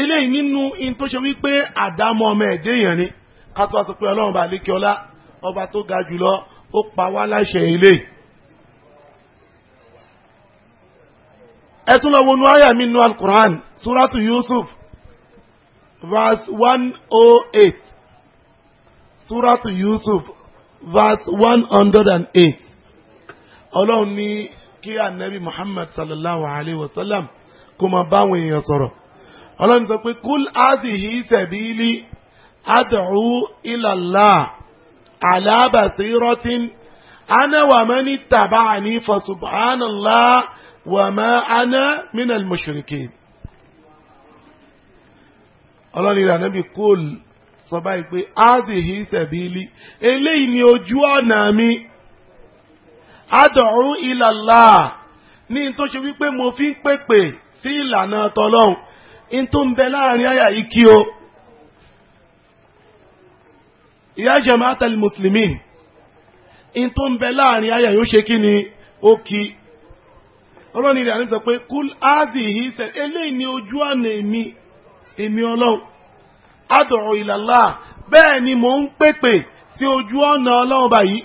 eléyìí nínú in tó ṣe wípé àdámọ́ ọmọ ẹ̀dẹ́ yẹn ni ká tó wá sọ pé ọlọ́run bá lékè ọlá ọba tó ga jùlọ ó pa wá láṣẹ ilé. ẹ lọ wọnú àyà mi nu alukur'an suratu yusuf verse one oh eight suratu yusuf verse one hundred and eight ọlọ́run ní kí anabi muhammad sallallahu alayhi wa sallam kó máa báwọn èèyàn sọ̀rọ̀ ọlọ́run sọ pé kúl áàdì yìí sẹ̀bílì ad'u ila Allah ala basiratin ana wa man ittaba'ani fa subhanallah wa ma ana min al-mushrikin. ọlọ́ni ìlànà bíi kóòlù sọ báyìí pé azihi sabili eléyìí ni ojú ọ̀nà mi ad'u ila Allah ní tó ṣe wípé mo fi ń pèpè sí ìlànà tọlọ́hun ní tó ń bẹ láàrin àyà yìí kí o ya jama'atal muslimin in tó ń bẹ láàrin ayà yóò ṣe kí ni ó kí ọlọ́ni rẹ̀ àníṣọ pé kúl áàzì yìí sẹ eléyìí ni ojú ọ̀nà èmi èmi ọlọ́run ad'u ila Allah bẹ́ẹ̀ ni mò ń pèpè sí ojú ọ̀nà ọlọ́run báyìí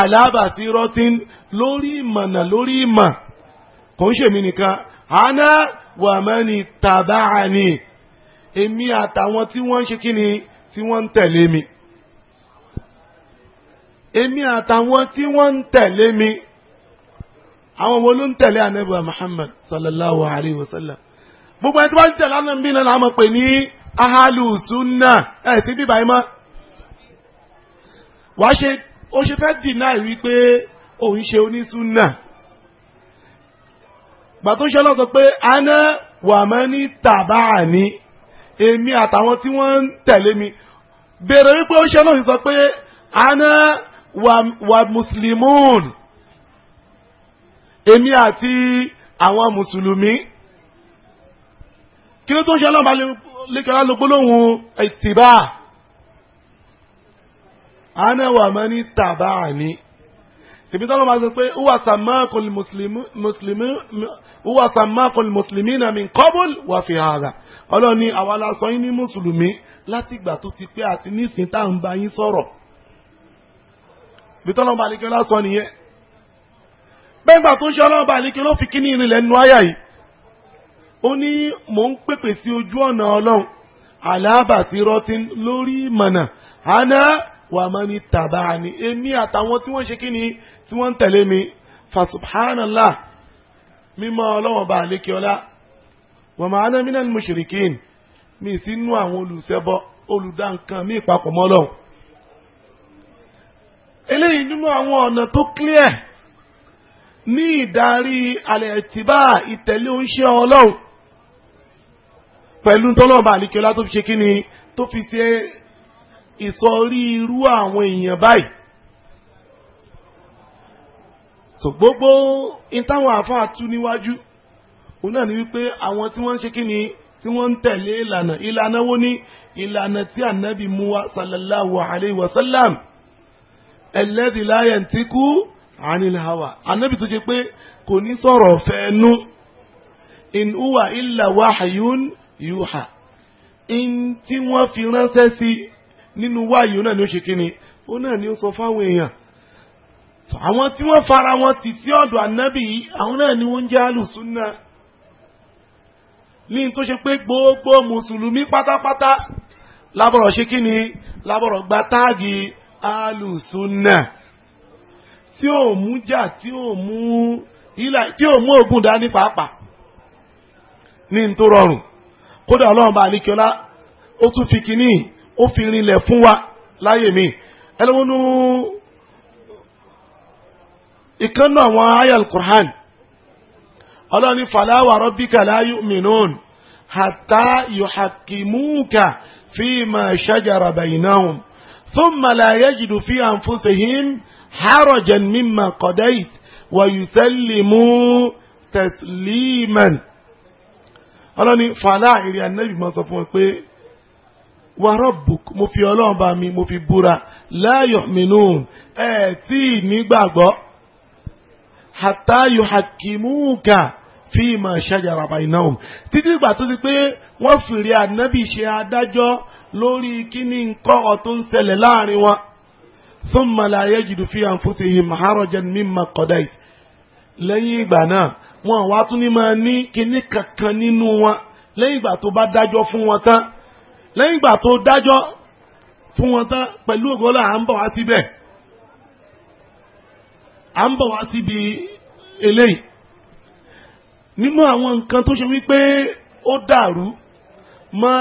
alábàtí rọtín lórí ìmọ̀nà lórí ìmọ̀ kò ń ṣèmi nìkan àná wàmẹ́ni tàbáàní èmi àtàwọn tí wọ́n ń ṣe kí ni tí wọ́n ń tẹ̀lé mi èmi àtàwọn tí wọ́n ń tẹ̀lé mi àwọn wo ló ń tẹ̀lé anabi Muhammad sallallahu alayhi wa sallam gbogbo ẹni tí wọ́n ń tẹ̀lé anabi náà làwọn pè ní ahalu sunna ẹ̀ ti bíbá ẹ mọ́ wàá ṣe ó ṣe fẹ́ dìnnáì wípé òun ṣe onísúnà gbà tó ṣe ọlọ́sọ pé aná wàmọ́ ní tàbáà ní èmi àtàwọn tí wọ́n ń tẹ̀lé mi bèrè wípé ó ṣe náà sọ pé ana wà mùsùlùmùn èmi àti àwọn mùsùlùmí kí ló tó ń ṣe ọlọ́mọba lẹ́kẹ̀ọ́lá ló gbólóhùn ìtìbá ana wà mọ́ ní tàbá ni tèmi tọ́lọ́ máa sọ pé uwa samakol mùsùlùmí uwa samakol mùsùlùmí náà mi kọ́bùl wà fi hàrà ọlọ́ni àwa la sọ yín ní mùsùlùmí látìgbà tó ti pé àti nísìn tá à ń bá yín sọ̀rọ̀ bí tọ́lọ́ máa lékè lásọ nìyẹn bẹ́ẹ̀gbà tó ń ṣe ọlọ́run bá lékè ló fi kíní ìrìnlẹ̀ nu àyà yìí ó ní mò ń pèpè sí ojú ọ̀nà ọlọ́run àlàbàtì rọtin lórí ìmọ̀nà àná wàmọ́ni tàbá ni èmi àtàwọn tí wọ́n ṣe kí ni tí wọ́n ń tẹ̀lé mi fa subhanallah mímọ́ ọlọ́wọ́n bá lékè ọlá wọ́n máa ná mínà mushrikin mi sí nú àwọn olùṣẹbọ olùdáǹkan mí ìpapọ̀ mọ́ lọ́wọ́ eléyìí nínú àwọn ọ̀nà tó clear ní ìdarí alẹ́ ìtìbá ìtẹ̀lé oúnṣẹ́ ọlọ́run pẹ̀lú tọ́lọ́ọ̀bà àlekèọlá tó fi ṣe kí ni tó fi ṣe ìsọrí irú àwọn èèyàn báyìí so gbogbo ìtàwọn àfáà tú níwájú òun náà ni wípé àwọn tí wọ́n ń ṣe kí ni tí wọ́n ń tẹ̀lé ìlànà ìlànà wo ni ìlànà tí ànábì mú wa sallallahu alayhi wa sallam alladhi la yantiku anil hawa ànábì tó ṣe pé kò ní sọ̀rọ̀ fẹ́ẹ́nu in huwa illa wahyun yuha in tí wọ́n fi ránṣẹ́ sí nínú wáyé náà ni ó ṣe kí ni òun náà ni ó sọ fáwọn èèyàn àwọn tí wọ́n fara wọn tì sí ọ̀dọ̀ ànábì àwọn náà ni wọ́n ń jẹ́ àlùsúnà ní tó ṣe pé gbogbo mùsùlùmí pátápátá lábọ̀rọ̀ ṣe kí ni lábọ̀rọ̀ gba táàgì àlùsúnà tí ò mú jà tí ò mú ilà tí ò mú ògùn dání pàápàá ní tó rọrùn kódà ọlọ́run bá àníkíọ́lá ó tún fi kínní ó fi rinlẹ̀ fún wa láyè mi ẹlẹ́wọ̀n nù ìkànnà àwọn aya al-Qur'an ọlọ́ni fala wa rabbika la yu'minun hatta yuhakkimuka fima shajara bainahum thumma la yajidu fi anfusihim harajan mimma qadayt wa yusallimu tasliman ọlọ́ni fàlà ìrìn ànábì máa sọ fún ọ pé wa rabbuk mo fi ọlọ́run bá mi mo fi búra la yu'minun ẹ̀ tí ì nígbàgbọ́ hatta yuhakimuka fi ma shajara bainahum títí ìgbà tó ti pé wọ́n fìrí ànábì ṣe adájọ́ lórí kíní nǹkan ọ̀ tó ń ṣẹlẹ̀ láàrin wọn thumma la yajidu fi anfusihim harajan mimma qadayt lẹ́yìn ìgbà náà wọn wá tún ní máa ní kíní kankan nínú wọn lẹ́yìn ìgbà tó bá dájọ́ fún wọn tán lẹ́yìn ìgbà tó dájọ́ fún wọn tán pẹ̀lú ògbọ́lá à ń bọ̀ wá síbẹ̀ à ń bọ̀ wá síbi eléyìí nínú àwọn nǹkan tó ṣe wípé ó dàrú mọ́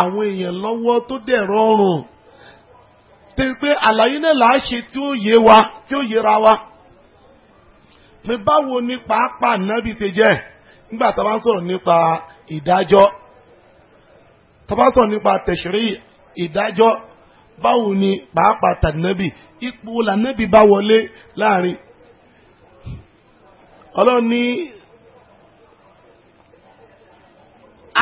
àwọn èèyàn lọ́wọ́ tó dẹ̀ rọrùn tẹ́ pé àlàyé náà là á ṣe tí ó yé wa tí ó yéra wa pé báwo ni pàápàá nábì ṣe jẹ́ nígbà tá a bá ń sọ̀rọ̀ nípa ìdájọ́ tá a bá ń sọ̀rọ̀ nípa tẹ̀sírí ìdájọ́ báwo ni pàápàá tànàbì ipò lànàbì bá wọlé láàrin ọlọ́run ní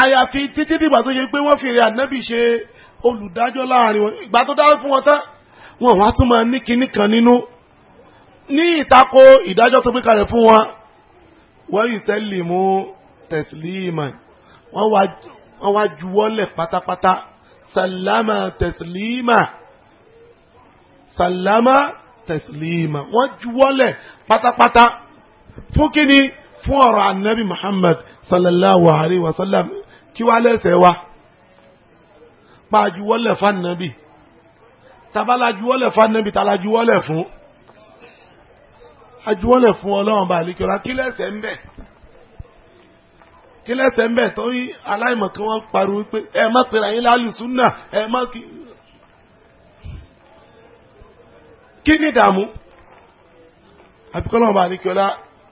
àyàfi títí dìgbà tó ṣe pé wọ́n fi èrè ànábì ṣe olùdájọ́ láàrin wọn ìgbà tó dáwọ́ fún wọn tán wọn wá tún máa ní kinní kan nínú ní ìtako ìdájọ́ tó gbé kalẹ̀ fún wọn wọ́n yìí sẹ́lì mú tẹ̀sílíìmọ̀ wọ́n wá juwọ́lẹ̀ pátápátá sàlámà tẹ̀sílímà sàlámà tẹ̀sílímà wọ́n juwọ́lẹ̀ pátápátá fún kíni fún ọ̀rọ̀ anabi muhammad sallallahu alayhi wa sallam kí wàá lẹ́sẹ̀ wa pa juwọ́lẹ̀ fanabi tabala juwọ́lẹ̀ fanabi tala juwọ́lẹ̀ fún ajuwọ́lẹ̀ fún ọlọ́run bá àlekèrè akílẹ̀ ẹ̀sẹ̀ kí lẹ́sẹ̀ ń bẹ̀ tó yí aláìmọ̀ kí wọ́n pariwo pé ẹ má pèrè àyín lálùsúnà ẹ má kí. kí ni ìdààmú àbíkọ́lọ́ ọba àdìkọ́lá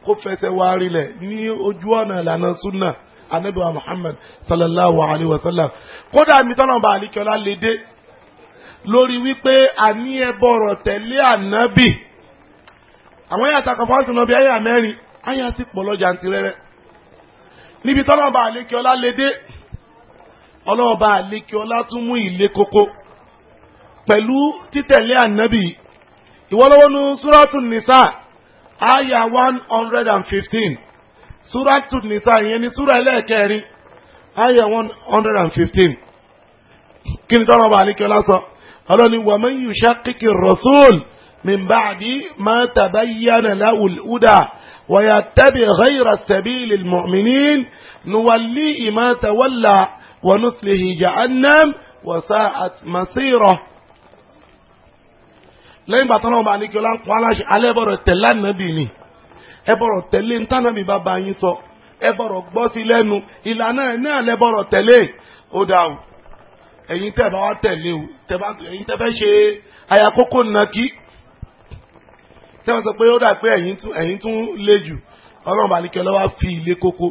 kó fẹsẹ̀ wá rilẹ̀ ní ojú ọ̀nà ìlànà súnà anabiwa muhammad sallallahu alayhi wa sallam kódà mi tọ́lọ́ ọba àdìkọ́lá lè dé lórí wípé àní ẹ bọ̀rọ̀ tẹ̀lé ànábì àwọn yàtọ̀ àkàfọ́ àtúnọ̀bí ayé àmẹ́rin ayé àti pọ̀ lọ́jà ntìrẹ́rẹ́ níbi tọ́lọ́ba àlékiọlá lédè ọlọ́ba àlékiọlá tún mú ilé kókó pẹ̀lú títẹ̀lé ànábì ìwọ́lọ́wọ́nú súrátù nìsà àyà one hundred and fifteen súrátù nìsà ìyẹn ni súrà ẹlẹ́ẹ̀kẹrin àyà one hundred and fifteen kí ni tọ́lọ́ba àlékiọlá sọ ọlọ́ni wàmí yusha kíkì rọ̀ṣúl min ba'di ma láwùl údà. ويتبع غير سبيل المؤمنين نوليه ما تولى ونصله جهنم وساءت مصيره lẹ́yìn bàtà náà bá ní kí ọlá ń pa aláṣẹ alẹ́ bọ̀rọ̀ tẹ̀lé ànábì ni ẹ bọ̀rọ̀ tẹ̀lé ntànàbì bàbá yín sọ ẹ bọ̀rọ̀ gbọ́ sí lẹ́nu ìlànà ẹ̀ náà lẹ bọ̀rọ̀ tẹ̀lé ó dà o ẹ̀yin tẹ̀ bá wá tẹ̀lé o ẹ̀yin tẹ̀ fẹ́ ṣe àyàkókò nàkí tẹ́wọ́n sọ pé ó dà pé ẹ̀yin tún lé jù ọlọ́run bá nìkẹ́ lọ́wọ́ fi ilé kókó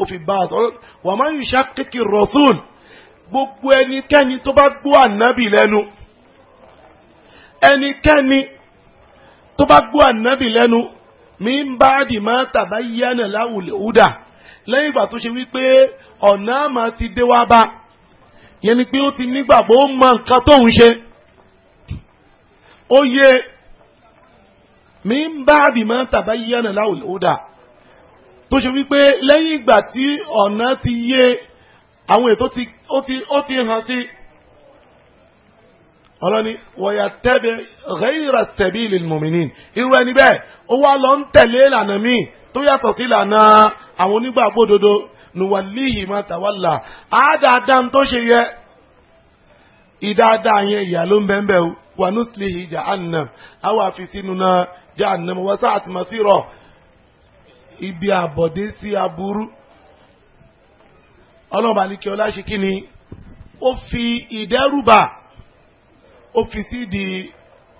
ó fi bá àtọ́ wà máa ń yùṣá kékeré rọ́sùn gbogbo ẹnikẹ́ni tó bá gbọ́ ànábì lẹ́nu ẹnikẹ́ni tó bá gbọ́ ànábì lẹ́nu mi ń bá dìmọ́ tàbá yánà láwùlẹ̀ údà lẹ́yìn ìgbà tó ṣe wípé ọ̀nà àmà ti dé wá bá yẹn ni pé ó ti nígbàgbọ́ ó mọ nǹkan tóun ṣe ó yẹ min ba'di ma tabayyana lahul huda tó ṣe wípé lẹ́yìn ìgbà tí ọ̀nà ti yé àwọn ètò ó ti hàn sí ọlọ́ni wa yattabi ghayra sabilil mu'minin irú ẹni bẹ́ẹ̀ ó wá lọ ń tẹ̀lé ìlànà míì tó yàtọ̀ sí ìlànà àwọn onígbàgbọ́ òdodo nuwalihi ma tawalla àádáadáa tó ṣe yẹ ìdáadáa yẹn ìyà ló ń bẹ́ẹ̀ bẹ́ẹ̀ wà nuslihi jahannam àwọn àfi sínú náà jahannam wa sa'at masira ibi àbọ̀dé sí aburú ọlọ́ọ̀bà ní kí ọlá ṣe kí ni ó fi ìdẹ́rùbà ó fi sí di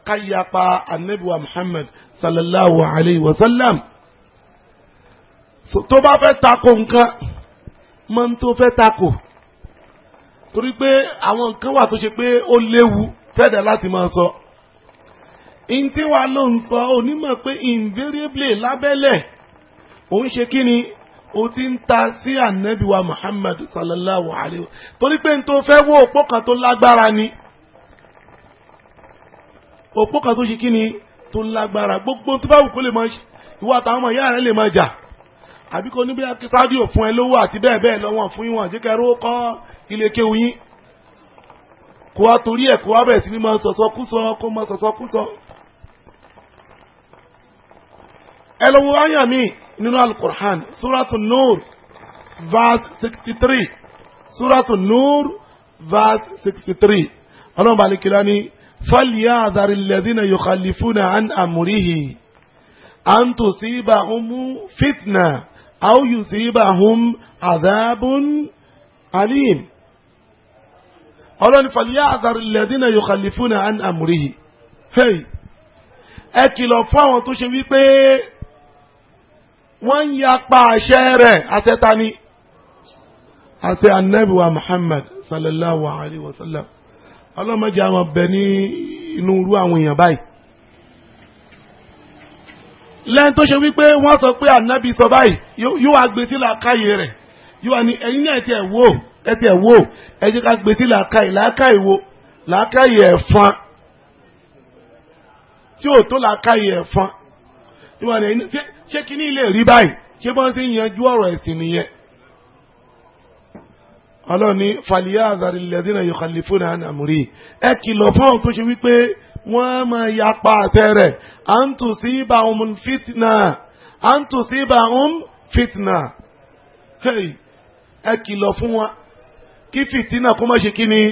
káyapa anabiwa muhammad sallallahu alayhi wa sallam tó bá fẹ́ tako nǹkan mọ́ tó fẹ́ tako torí pé àwọn nǹkan wà tó ṣe pé ó léwu fẹ́dà láti máa sọ. So in tí wàá ló ń onímọ̀ pé invariably lábẹ́lẹ̀ òun ṣe kí ni o ti ń ta sí ànábìwa Muhammad sallallahu alayhi wa torí pé n tó fẹ́ wó òpó kan tó lágbára ni òpó kan tó ṣe kí ni tó lágbára gbogbo tó bá wù kó lè máa ṣe ìwọ àtàwọn ọmọ ìyá rẹ lè máa jà àbí kò ní bí akísáájú òfun ẹ lówó àti bẹ́ẹ̀ bẹ́ẹ̀ lọ́wọ́ fún ìwọ̀n àti kẹrù kọ́ ilé kéwu yín kó wa torí ẹ̀ kó wa bẹ̀rẹ̀ sí ni máa sọ̀sọ́ kú sọ kó máa sọ̀sọ́ kú sọ ẹ lọ wo àyà mi nínú alukur'an suratu nur verse sixty three suratu nur verse sixty three ọlọ́run bá ní kílá ní falyadhari alladhina yukhalifuna an amrihi an tusibahum fitna aw yusibahum adhabun alim ọlọ́ni fàlíyà àzàrí lẹ́dínà yóò kàlífúnà án àmúríhì. ẹ kìlọ̀ fún àwọn tó ṣe wípé wọ́n ń yapa àṣẹ rẹ̀ àtẹ́tani àti anabi wa muhammad sallallahu alayhi wa sallam ọlọ́mọdé àwọn bẹ ní inú irú àwọn èèyàn báyìí lẹ́yìn tó ṣe wípé wọ́n sọ pé anabi sọ báyìí yóò wá gbé sí làákàyè rẹ̀ yóò wá ní ẹ̀yin náà tiẹ̀ wò ẹ tiẹ̀ wò ẹ jẹ́ ká gbé sí làákàyè làákàyè wo làákàyè ẹ̀fọn tí ò tó làákàyè ẹ̀fọn yóò wá ní ẹ̀yin náà ṣé kíní ilé rí báyìí ṣé bọ́n ti yanjú ọ̀rọ̀ ẹ̀sìn nìyẹn. ọlọ́run ní fàlíyà àzàrí lẹ́dínà yóò kàlí fún àná àmúrí ẹ kìlọ̀ fún tó ṣe wípé wọ́n máa yapa àtẹ rẹ̀ à ń tù sí ibà òun fitna à ń tù sí ibà òun fitna ẹ kìlọ̀ fún wọn kí fìtínà kó má ṣe kíni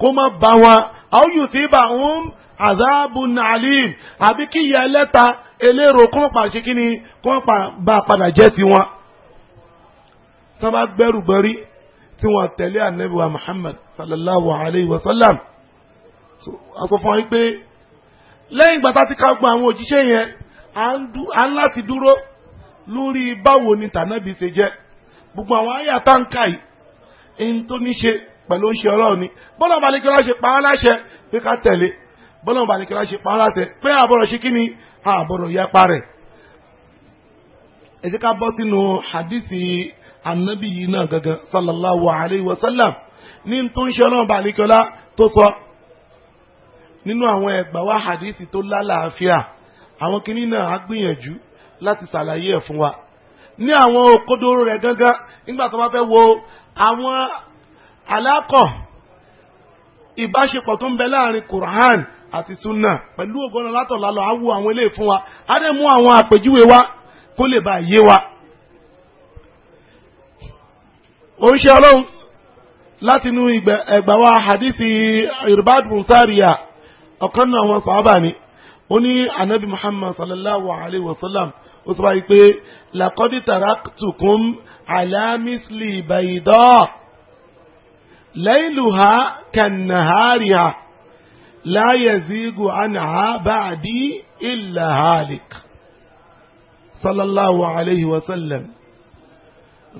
kó má bá wọn àwọn yóò sí ibà òun azabun alim àbí kí ìyà ẹlẹ́ta eléèrò kó pa ṣe kí ni kó pa bá a padà jẹ́ tiwọn. tí wọ́n bá tí wọ́n tẹ̀lé ànábì Muhammad sallallahu alayhi wa sallam a sọ fún wa pé lẹ́yìn ìgbà tá a ti ká gba àwọn òjíṣẹ́ yẹn à ń láti dúró lórí báwo ni tànábì ṣe jẹ́ gbogbo àwọn àyà tá ń kà yìí ń tó ní ṣe pẹ̀lú ń ṣe ọlọ́run bọ́lá balẹ̀ kí wọ́n ṣe pa á láṣẹ pé ká tẹ̀lé bọ́lọ́mù bá nìkan ṣe pa látẹ pé àbọ̀rọ̀ ṣe kí ni àbọ̀rọ̀ ya parẹ̀. ẹ jẹ́ ká bọ́ sínú hadithi anabi yìí náà gangan sallallahu alayhi wa sallam ní tó ń ṣe ọlọ́mù bá nìkan lá tó sọ nínú àwọn ẹgbàá wa hadithi tó lálàáfíà àwọn kìíní náà á gbìyànjú láti ṣàlàyé ẹ̀ fún wa ní àwọn òkodoro rẹ̀ gangan nígbà tó bá fẹ́ wo àwọn alákọ̀ ìbáṣepọ̀ tó ń bẹ láàrin Qur'an àti súnà pẹ̀lú ògbọ́nà látọ̀lá lọ á wo àwọn eléyìí fún wa á dẹ̀ mú àwọn àpèjúwe wa kó lè bá yé wa. oríṣi ọlọ́run láti inú ẹgbà wa hadithi irbad musaria ọ̀kan náà wọn sàábà ni ó ní anabi muhammad sallallahu alayhi wa sallam ó sọ wáyé pé laqad taraktukum ala misli bayda layluha kannahariha la yazigu anha ba'di illa halik sallallahu alayhi wa sallam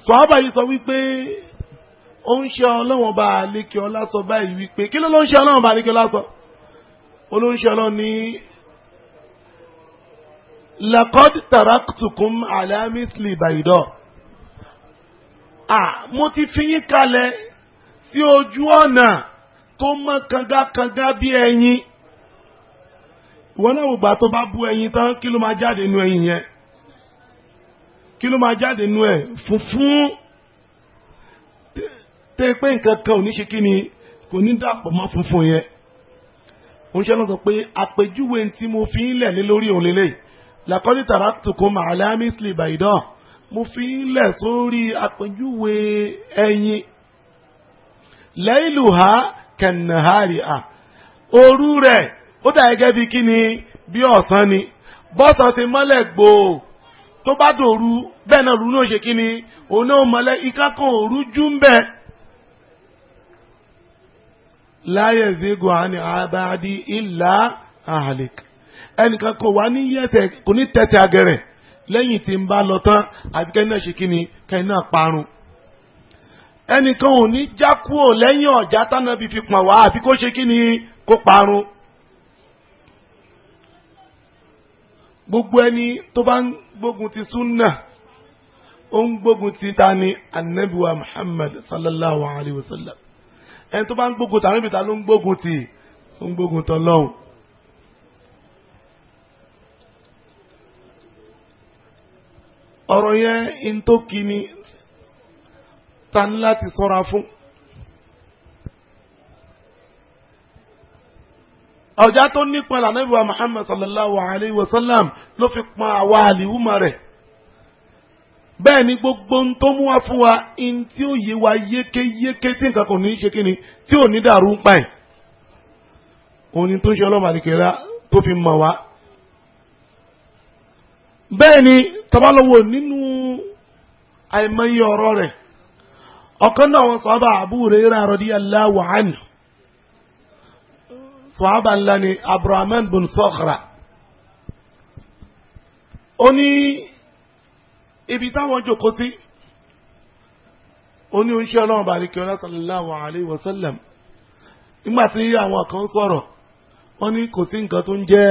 sọ́ọ́bà yìí sọ wípé ó ń ṣe ọlọ́wọ́n bá àlékè ọlá sọ báyìí wípé kí ló ló ń ṣe ọlọ́wọ́n bá àlékè ọlá sọ ó ló ń ṣe ọlọ́wọ́n ní laqad taraktukum ala misli baydo ah mo ti fi yín kalẹ̀ sí ojú ọ̀nà tó mọ́ kangakanga bí ẹyin ìwọ náà wò gbà tó bá bú ẹyin tán kí ló máa jáde nínú ẹyin yẹn kí ló máa jáde nínú ẹ funfun tẹ pé nǹkan kan ò ní ṣe kí ni kò ní dàpọ̀ mọ́ funfun yẹn oníṣẹ́ náà sọ pé àpèjúwe tí mo fi ń lẹ̀ lé lórí òun lélẹ̀ làkọ́lé tàràtùkùn màálẹ́ àmísìlì ìbàdàn mo fi ń lẹ̀ sórí àpèjúwe ẹyin lẹ́yìnlùhà kẹnìhárì à òru rẹ̀ ó dà gẹ́gẹ́ bí kíni bí ọ̀sán ni bọ́sọ̀ ti mọ́lẹ̀ gbòò tó bá dòru bẹ́ẹ̀ náà òru náà ṣe kíni òun náà mọ́lẹ̀ ìkákan òru jú ń bẹ̀. láyé zigun àní abadi ìlà àhàlìk ẹnìkan kò wá ní yẹsẹ̀ kò ní tẹ̀tẹ̀ agẹrẹ̀ lẹ́yìn tí ń bá lọ tán àbíkẹ́ náà ṣe kíni kẹ́ náà parun ẹnìkan ò ní já kúrò lẹ́yìn ọ̀já tánàbí fi pọ̀n wá àbí kó ṣe kí ni kó parun. gbogbo ẹni tó bá ń gbógun ti súnà ó ń gbógun ti ta ni anabiwa muhammad sallallahu alayhi wa sallam ẹni tó bá ń gbógun tàbí ìbìtà ló ń gbógun ti ó ń gbógun tọlọ́hun. ọ̀rọ̀ yẹn ń tó kí ni ta ní láti sọ́ra fún. ọ̀já tó nípa lànàbí wa Muhammad sallallahu alayhi wa sallam ló fi pa àwa àlìhùmọ̀ rẹ̀ bẹ́ẹ̀ ni gbogbo ń tó mú wá fún wa in tí ó yé wa yékéyéké tí nǹkan kò ní í ṣe kí tí ò ní dàrú ń pa ẹ̀ òní tó ń ṣe ọlọ́mà nìkẹ́ra tó fi mọ̀ wá. bẹ́ẹ̀ ni tabalọ́wọ́ nínú àìmọye ọ̀rọ̀ rẹ̀ ọ̀kan náà wọn sọ́ọ́bà àbúrò ìrà radiyallahu anhu sọ́ọ́bà ńlá ni abdulrahman bin Sakhra ó ní ibi táwọn jókòó sí ó ní oúnjẹ ọlọ́run bàríkì ọlá sallallahu alayhi wa sallam nígbà tí àwọn kan sọ̀rọ̀ wọ́n ní kò sí nǹkan tó ń jẹ́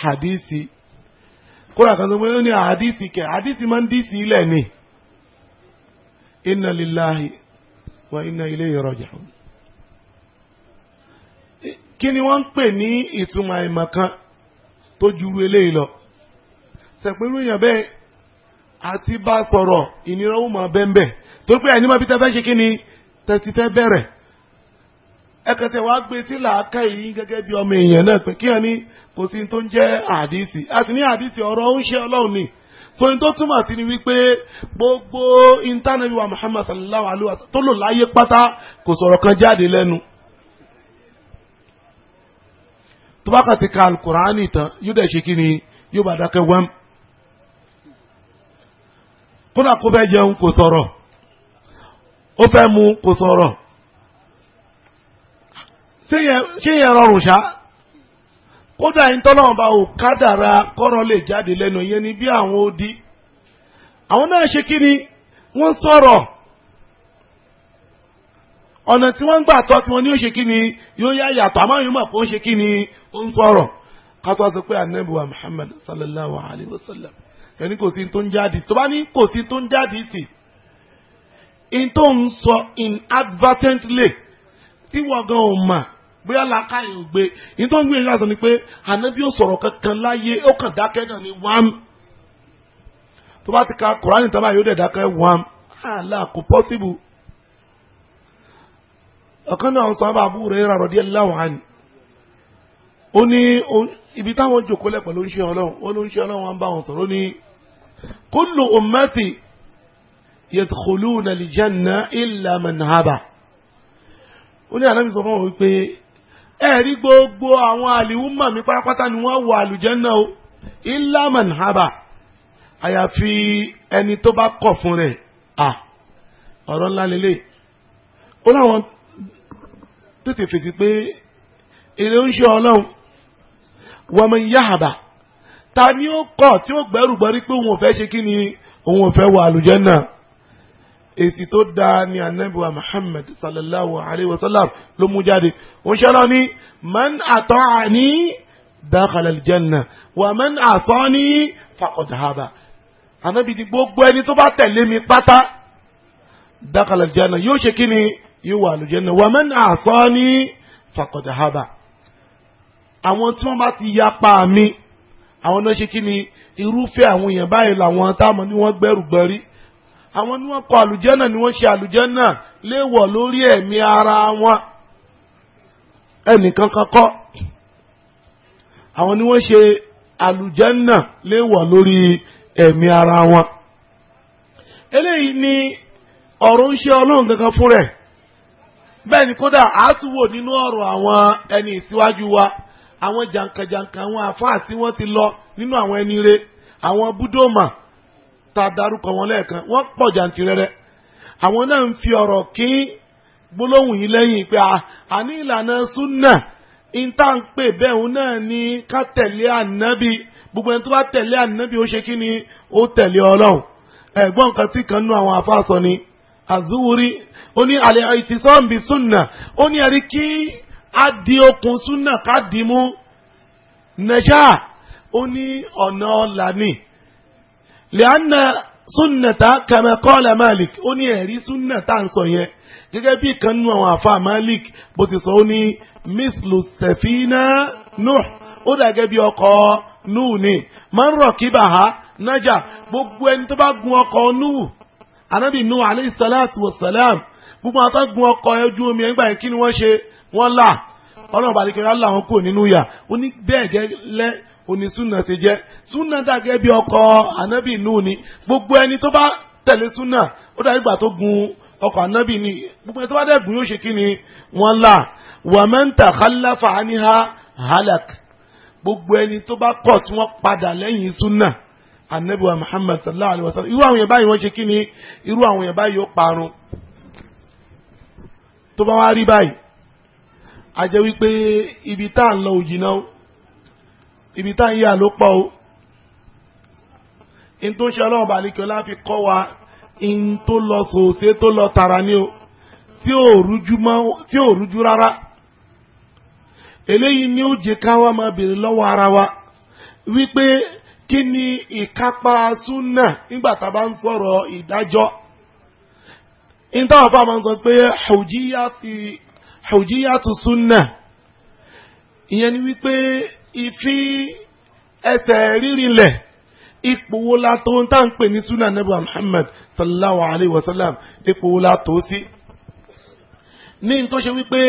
hadisi kóra kan tó ń pè ní hadisi kẹ̀ hadisi máa ń dí sí ilẹ̀ ni. inna lillahi wa inna ilayhi raji'un kini won pe ni ituma imaka to juru eleyi lo se pe ati ba soro inira o ma be to pe eni ma bi te fe se kini te ti fe bere e kan te wa gbe ti la ka gege bi omo eyan na pe kiyan ni ko si to nje hadisi ati ni hadisi oro o nse olohun ni so n tó túmọ̀ sí ni wípé gbogbo intanẹ́bí wa Muhammad sallallahu alayhi wa sallam tó lò láyé pátá kò sọ̀rọ̀ kan jáde lẹ́nu tó bá kàn ti ka alukur'ani tán yóò dẹ̀ ṣe kí ni yóò bá dákẹ́ wẹ́m kódà kó fẹ́ jẹun kò sọ̀rọ̀ ó fẹ́ mu kò sọ̀rọ̀ ṣé yẹn rọrùn ṣá kódà yín tọ́lọ́run bá ò kádàrá kọ́rọ̀ lè jáde lẹ́nu yẹn ni bí àwọn odi àwọn náà ṣe kí ni wọ́n sọ̀rọ̀ ọ̀nà tí wọ́n ń gbà tọ́ tí wọ́n ní ó ṣe kí ni yóò yá yàtọ̀ àmọ́ yìí mọ̀ pé ó ń ṣe kí ni ó ń sọ̀rọ̀ kátó sọ pé anabiwa Muhammad sallallahu alayhi wa sallam kẹ́ni kò sí tó ń jáde tó bá ní kò sí tó ń jáde sí i tó ń sọ inadvertently tí wọ́n gan ò mà bóyá làákà yìí ò gbé yìí tó ń gbé yìí láti ni pé ànábì ò sọ̀rọ̀ kankan láyé ó kàn dákẹ́ náà ni wàm tó bá ti ka kùránì tábà yóò dẹ̀ dákẹ́ wàm àlà kò pọ́sibù ọ̀kan náà sọ Abu Hurairah radiyallahu anhu ó ní ibi táwọn jòkó lẹ̀ pẹ̀lú oníṣẹ́ ọlọ́run ó ní oníṣẹ́ ọlọ́run wọn bá wọn sọ̀rọ̀ ní kullu ummati yadkhuluna al-janna illa ó ní ànábì wípé ẹ̀rí gbogbo àwọn àlìwúmọ̀ mi pátápátá ni wọ́n wọ àlùjánnà o illa man haba àyàfi ẹni tó bá kọ̀ fún rẹ̀ à ọ̀rọ̀ ńlá lélẹ̀ ó láwọn tètè fèsì pé èrè ń ṣe ọlọ́run wa man yahaba ta ni ó kọ̀ tí ó gbẹ́rù gbọ́rí pé òun ò fẹ́ ṣe kí ni òun ò fẹ́ wọ àlùjánnà èsì tó dáa ní anabiwa muhammed sallallahu alayhi wa sallam ló mú jáde òun ṣe lọ ní man ata'ani dakhala aljanna wa man asani faqad haba anabi ni gbogbo ẹni tó bá tẹ̀lé mi pátá dakhala aljanna yóò ṣe kí ni yóò wà aljanna wa man asani faqad haba àwọn tí wọ́n bá ti yapa mi àwọn náà ṣe kí ni irúfẹ́ àwọn èèyàn báyìí làwọn táwọn ni wọ́n gbẹ́rù gbẹ́rí àwọn ni wọ́n kọ àlùjẹ́nà ni wọ́n ṣe àlùjẹ́nà léèwọ̀ lórí ẹ̀mí ara wọn ẹnìkan kan kọ́ àwọn ni wọ́n ṣe àlùjẹ́nà léèwọ̀ lórí ẹ̀mí ara wọn eléyìí ni ọ̀rọ̀ ń ṣe ọlọ́run kankan fún rẹ̀ bẹ́ẹ̀ ni kódà á tún wò nínú ọ̀rọ̀ àwọn ẹni ìsíwájú wa àwọn jàǹkàjàǹkà àwọn àfáà tí wọ́n ti lọ nínú àwọn ẹni re àwọn búdòmà ta darúkọ wọn lẹ́ẹ̀kan wọ́n pọ̀ jàǹtìrẹrẹ àwọn náà ń fi ọ̀rọ̀ kí gbólóhùn yìí lẹ́yìn pé àní ìlànà súnà ìta ń pè bẹ́ẹ̀ òun náà ni ká tẹ̀lé ànábì gbogbo ẹni tó bá tẹ̀lé ànábì ó ṣe kí ni ó tẹ̀lé ọlọ́run ẹ̀gbọ́n kan tí kan nú àwọn afáàsọ ni àzúwúrí ó ní àlẹ́ ìtìsọ́ǹbì súnà ó ní ẹ̀rí kí á di okùn súnà ká dì mú nàṣà ó ní ọ̀nà ọ̀là lẹ́ànà súnnàtà kàmẹ́kọ́lá malik ó ní ẹ̀rí súnnàtà ń sọ yẹn gẹ́gẹ́ bí kan nú àwọn àfa malik bó ti sọ ó ní mislu sẹ̀fínà nuh ó dàgẹ́ bí ọkọ̀ nuh ni máa ń rọ̀ kí bàá nájà gbogbo ẹni tó bá gun ọkọ̀ nuh anabi nuh alayhi salatu wa salam gbogbo àtàgùn ọkọ̀ ojú omi ẹgbà yẹn kí ni wọ́n ṣe wọ́n là ọlọ́run bàdìkẹ́rẹ́ là wọn kúrò nínú yà ó ní bẹ́ẹ̀ gẹ́lẹ́ òní súnà ti jẹ́ súnà dàgẹ́ bí ọkọ̀ ànábì nù ni gbogbo ẹni tó bá tẹ̀lé súnà ó dàbí ìgbà tó gun ọkọ̀ ànábì ni gbogbo ẹni tó bá dẹ̀gùn yóò ṣe kí ni wọ́n là wà kálífà àníhà halak gbogbo ẹni tó bá kọ̀ tí wọ́n padà lẹ́yìn súnà ànábì wa Muhammad sallallahu alayhi wa sallam irú àwọn yẹn báyìí wọ́n ṣe kí ni irú àwọn yẹn báyìí ó parun tó bá wá rí báyìí a jẹ́ wípé ibi tá à ń lọ òjì náà ibi tá ń yà ló pọ̀ o in tó ń ṣe ọlọ́run bàlíkọ́lá fi kọ́ wa in tó lọ sòsé tó lọ tààrà ni o tí ò rújú mọ́ tí ò rújú rárá eléyìí ni ó jẹ́ ká wá máa béèrè lọ́wọ́ ara wa wípé kí ni ìkápá súnà nígbà tá a bá ń sọ̀rọ̀ ìdájọ́ nítawọn fáwọn máa ń sọ pé hujiyatu súnà ìyẹn ni wípé ìfi ẹsẹ̀ rírin lẹ̀ ipò wo la tó ń tá à ń pè ní sunnah nabi muhammad sallallahu alayhi wa sallam ipò wo la tó sí. ní n tó ṣe wípé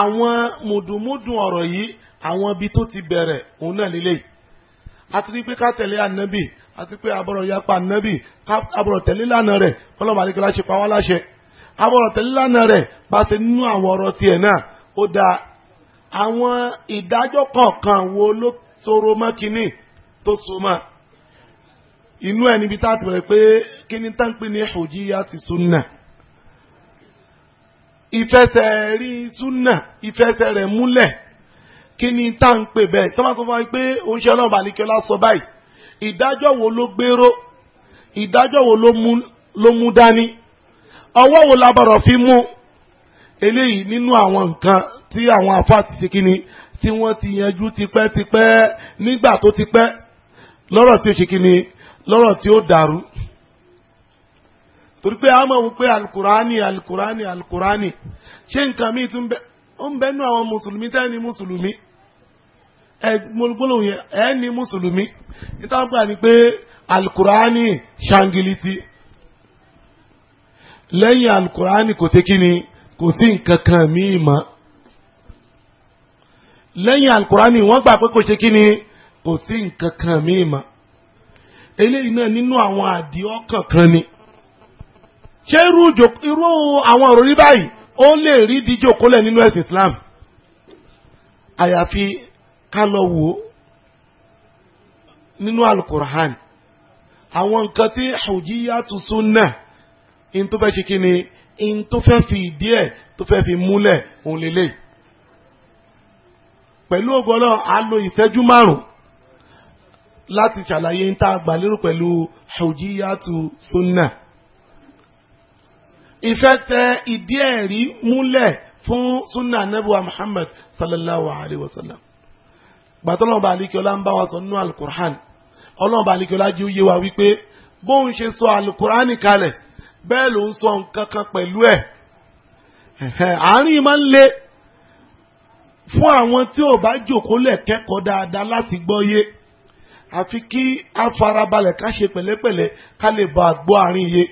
àwọn mùdùmùdù ọ̀rọ̀ yìí àwọn ibi tó ti bẹ̀rẹ̀ òun náà lélẹ́yìí àti ní pé ká tẹ̀lé ànábì àti pé àbọ̀rọ̀ yapa ànábì àbọ̀rọ̀ tẹ̀lé lánàá rẹ̀ kọ́lọ́mà ní kí pa wá láṣẹ àbọ̀rọ̀ tẹ̀lé lánàá rẹ̀ bá ṣe nínú àwọn ọ̀rọ̀ tiẹ̀ náà ó dáa àwọn ìdájọ́ kọ̀ọ̀kan wo ló soro mọ́ kínní tó so mọ́ inú ẹ̀ níbi tá a ti bẹ̀rẹ̀ pé kíní tá ń pè ní hujjiyya ti sunna ìfẹsẹ̀ rí súnà ìfẹsẹ̀ rẹ̀ múlẹ̀ kí ni tá à ń pè bẹ́ẹ̀ tó bá sọ fún wa pé oúnjẹ ọlọ́run balẹ̀kẹ́lá sọ báyìí ìdájọ́ wo ló gbéró ìdájọ́ wo ló mú dání ọwọ́ wo la fi mú eléyìí nínú àwọn nǹkan tí àwọn àfáà ti ṣe kíni tí wọ́n ti yanjú tipẹ́tipẹ́ nígbà tó ti pẹ́ lọ́rọ̀ tí ó ṣe kíni lọ́rọ̀ tí ó dàrú torí pé a máa wò pé alukurani alukurani alukurani ṣé nǹkan míì tún bẹ ó ń bẹnu àwọn mùsùlùmí tẹ́ ni mùsùlùmí ẹ gbólóhùn yẹn ẹ ní mùsùlùmí níta ni pé alukurani ṣangiliti lẹ́yìn alukurani kò ṣe kíni kò sí nǹkan kan míì mọ́ lẹ́yìn alukurani wọ́n gbà pé kò ṣe kí ni kò sí nǹkan kan míì mọ́ eléyìí náà nínú àwọn àdìọ́ kankan ni ṣé irú irú àwọn òròrí báyìí ó lè rí díjò kólẹ̀ nínú ẹ̀sìn Islam àyàfi ká lọ wò ó nínú alukurani àwọn nǹkan tí hujiyatu sunna in tó bẹ́ ṣe kí ni in tó fẹ́ fi ìdí ẹ̀ tó fẹ́ fi múlẹ̀ òun lélẹ̀ pẹ̀lú ògo Ọlọ́run a lo ìṣẹ́jú márùn láti ṣàlàyé ń tá a gbà lérò pẹ̀lú hujjiyatu sunnah ìfẹ́ tẹ ìdí ẹ̀rí múlẹ̀ fún sunnah nebuwa Muhammad sallallahu alayhi wa sallam gbàtọ́lọ́mọba àlekíọ́lá ń bá wa sọ nínú alukur'an ọlọ́mọba àlekíọ́lá jẹ́ ó yé wa wípé bóun ṣe sọ alukur'an kalẹ̀ bẹ́ẹ̀ ló ń sọ nǹkan kan pẹ̀lú ẹ̀ àárín máa ń le fún àwọn tí ò bá jòkó lẹ̀ kẹ́kọ̀ọ́ dáadáa láti gbọ́yé àfi kí a farabalẹ̀ ká ṣe pẹ̀lẹ́pẹ̀lẹ́ ká lè bá a gbọ́ àárín iye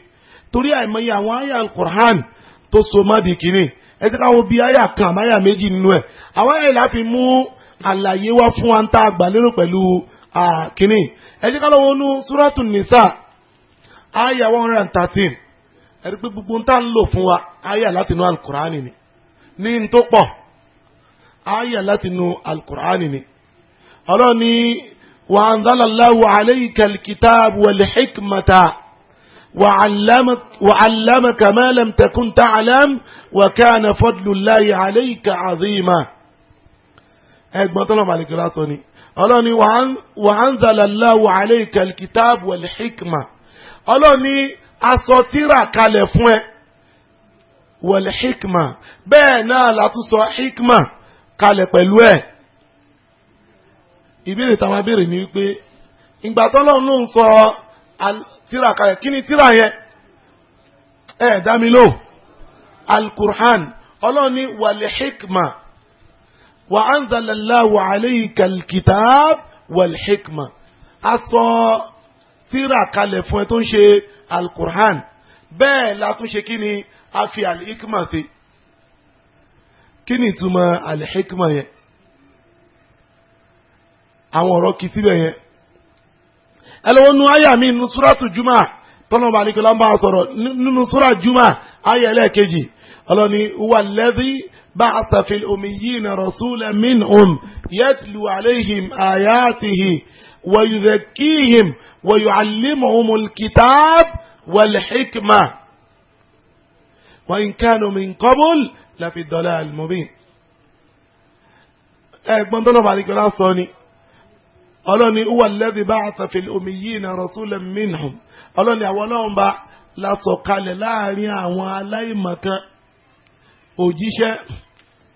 torí àìmọye àwọn àyà alukur'an tó so má di kìíní ẹ jẹ́ ká wo bí àyà kan àmáyà méjì nínú ẹ̀ àwọn àyà ìlà fi mú àlàyé wá fún wa ń tá àgbà lérò pẹ̀lú kìíní ẹ jẹ́ ká lọ́wọ́ nú súrátù nìsà one hundred and thirteen. ẹ̀rí pé gbogbo ń tà ń lò fún wa ayé látinú alukur'ani ni ní n tó pọ̀ ayé látinú alukur'ani ni ọlọ́ni wa anzala Allahu alayka al-kitaba wal-hikmata وعلمك ما لم تكن تعلم وكان فضل الله عليك عظيما ẹgbọn tó lọ́mọ àlejò látọ̀ ni ọlọ́ni wàhánzàlá aláwọ̀ àlẹ́kà kìtáàbù ẹ̀lẹ́hìkìmà ọlọ́ni aṣọ tíra kalẹ̀ fún ẹ wọlé hikma bẹ́ẹ̀ náà látúnṣọ hikma kalẹ̀ pẹ̀lú ẹ ìbéèrè táwọn abéèrè ni wípé ìgbà tọ́lọ́run ló ń sọ tíra kalẹ̀ kí ni tíra yẹn ẹ dá mi alukur'an ọlọ́run ní wàlẹ̀ hikma wa anzalallahu alayka alkitab wàlẹ̀ hikma aṣọ tíra kalẹ̀ fún ẹ tó ń ṣe alukur'an bẹ́ẹ̀ la tún ṣe kí ni a fi alihikima ṣe kí ni ìtumọ̀ alihikima yẹn àwọn ọ̀rọ̀ kì í síbẹ̀ yẹn ẹ lọ́wọ́ nu àyà mi nu súrátù jùmọ̀ tọ́nà bá nìkan lámbà sọ̀rọ̀ nínú súrà jùmọ̀ àyà ẹlẹ́ẹ̀kejì ọlọ́ni wà lẹ́dí bá àtàfin omi yìí nà rọ̀ṣúlẹ̀ min um yẹ́tìlú àléhìm àyà àtìhì ويذكيهم ويعلمهم الكتاب والحكمة وإن كانوا من قبل لفي الضلال المبين أكبر ضلوا بعد ثاني قالوني هو الذي بعث في الأميين رسولا منهم قالوني أولهم بعد لا تقال لا ريان ولا يمك أجيش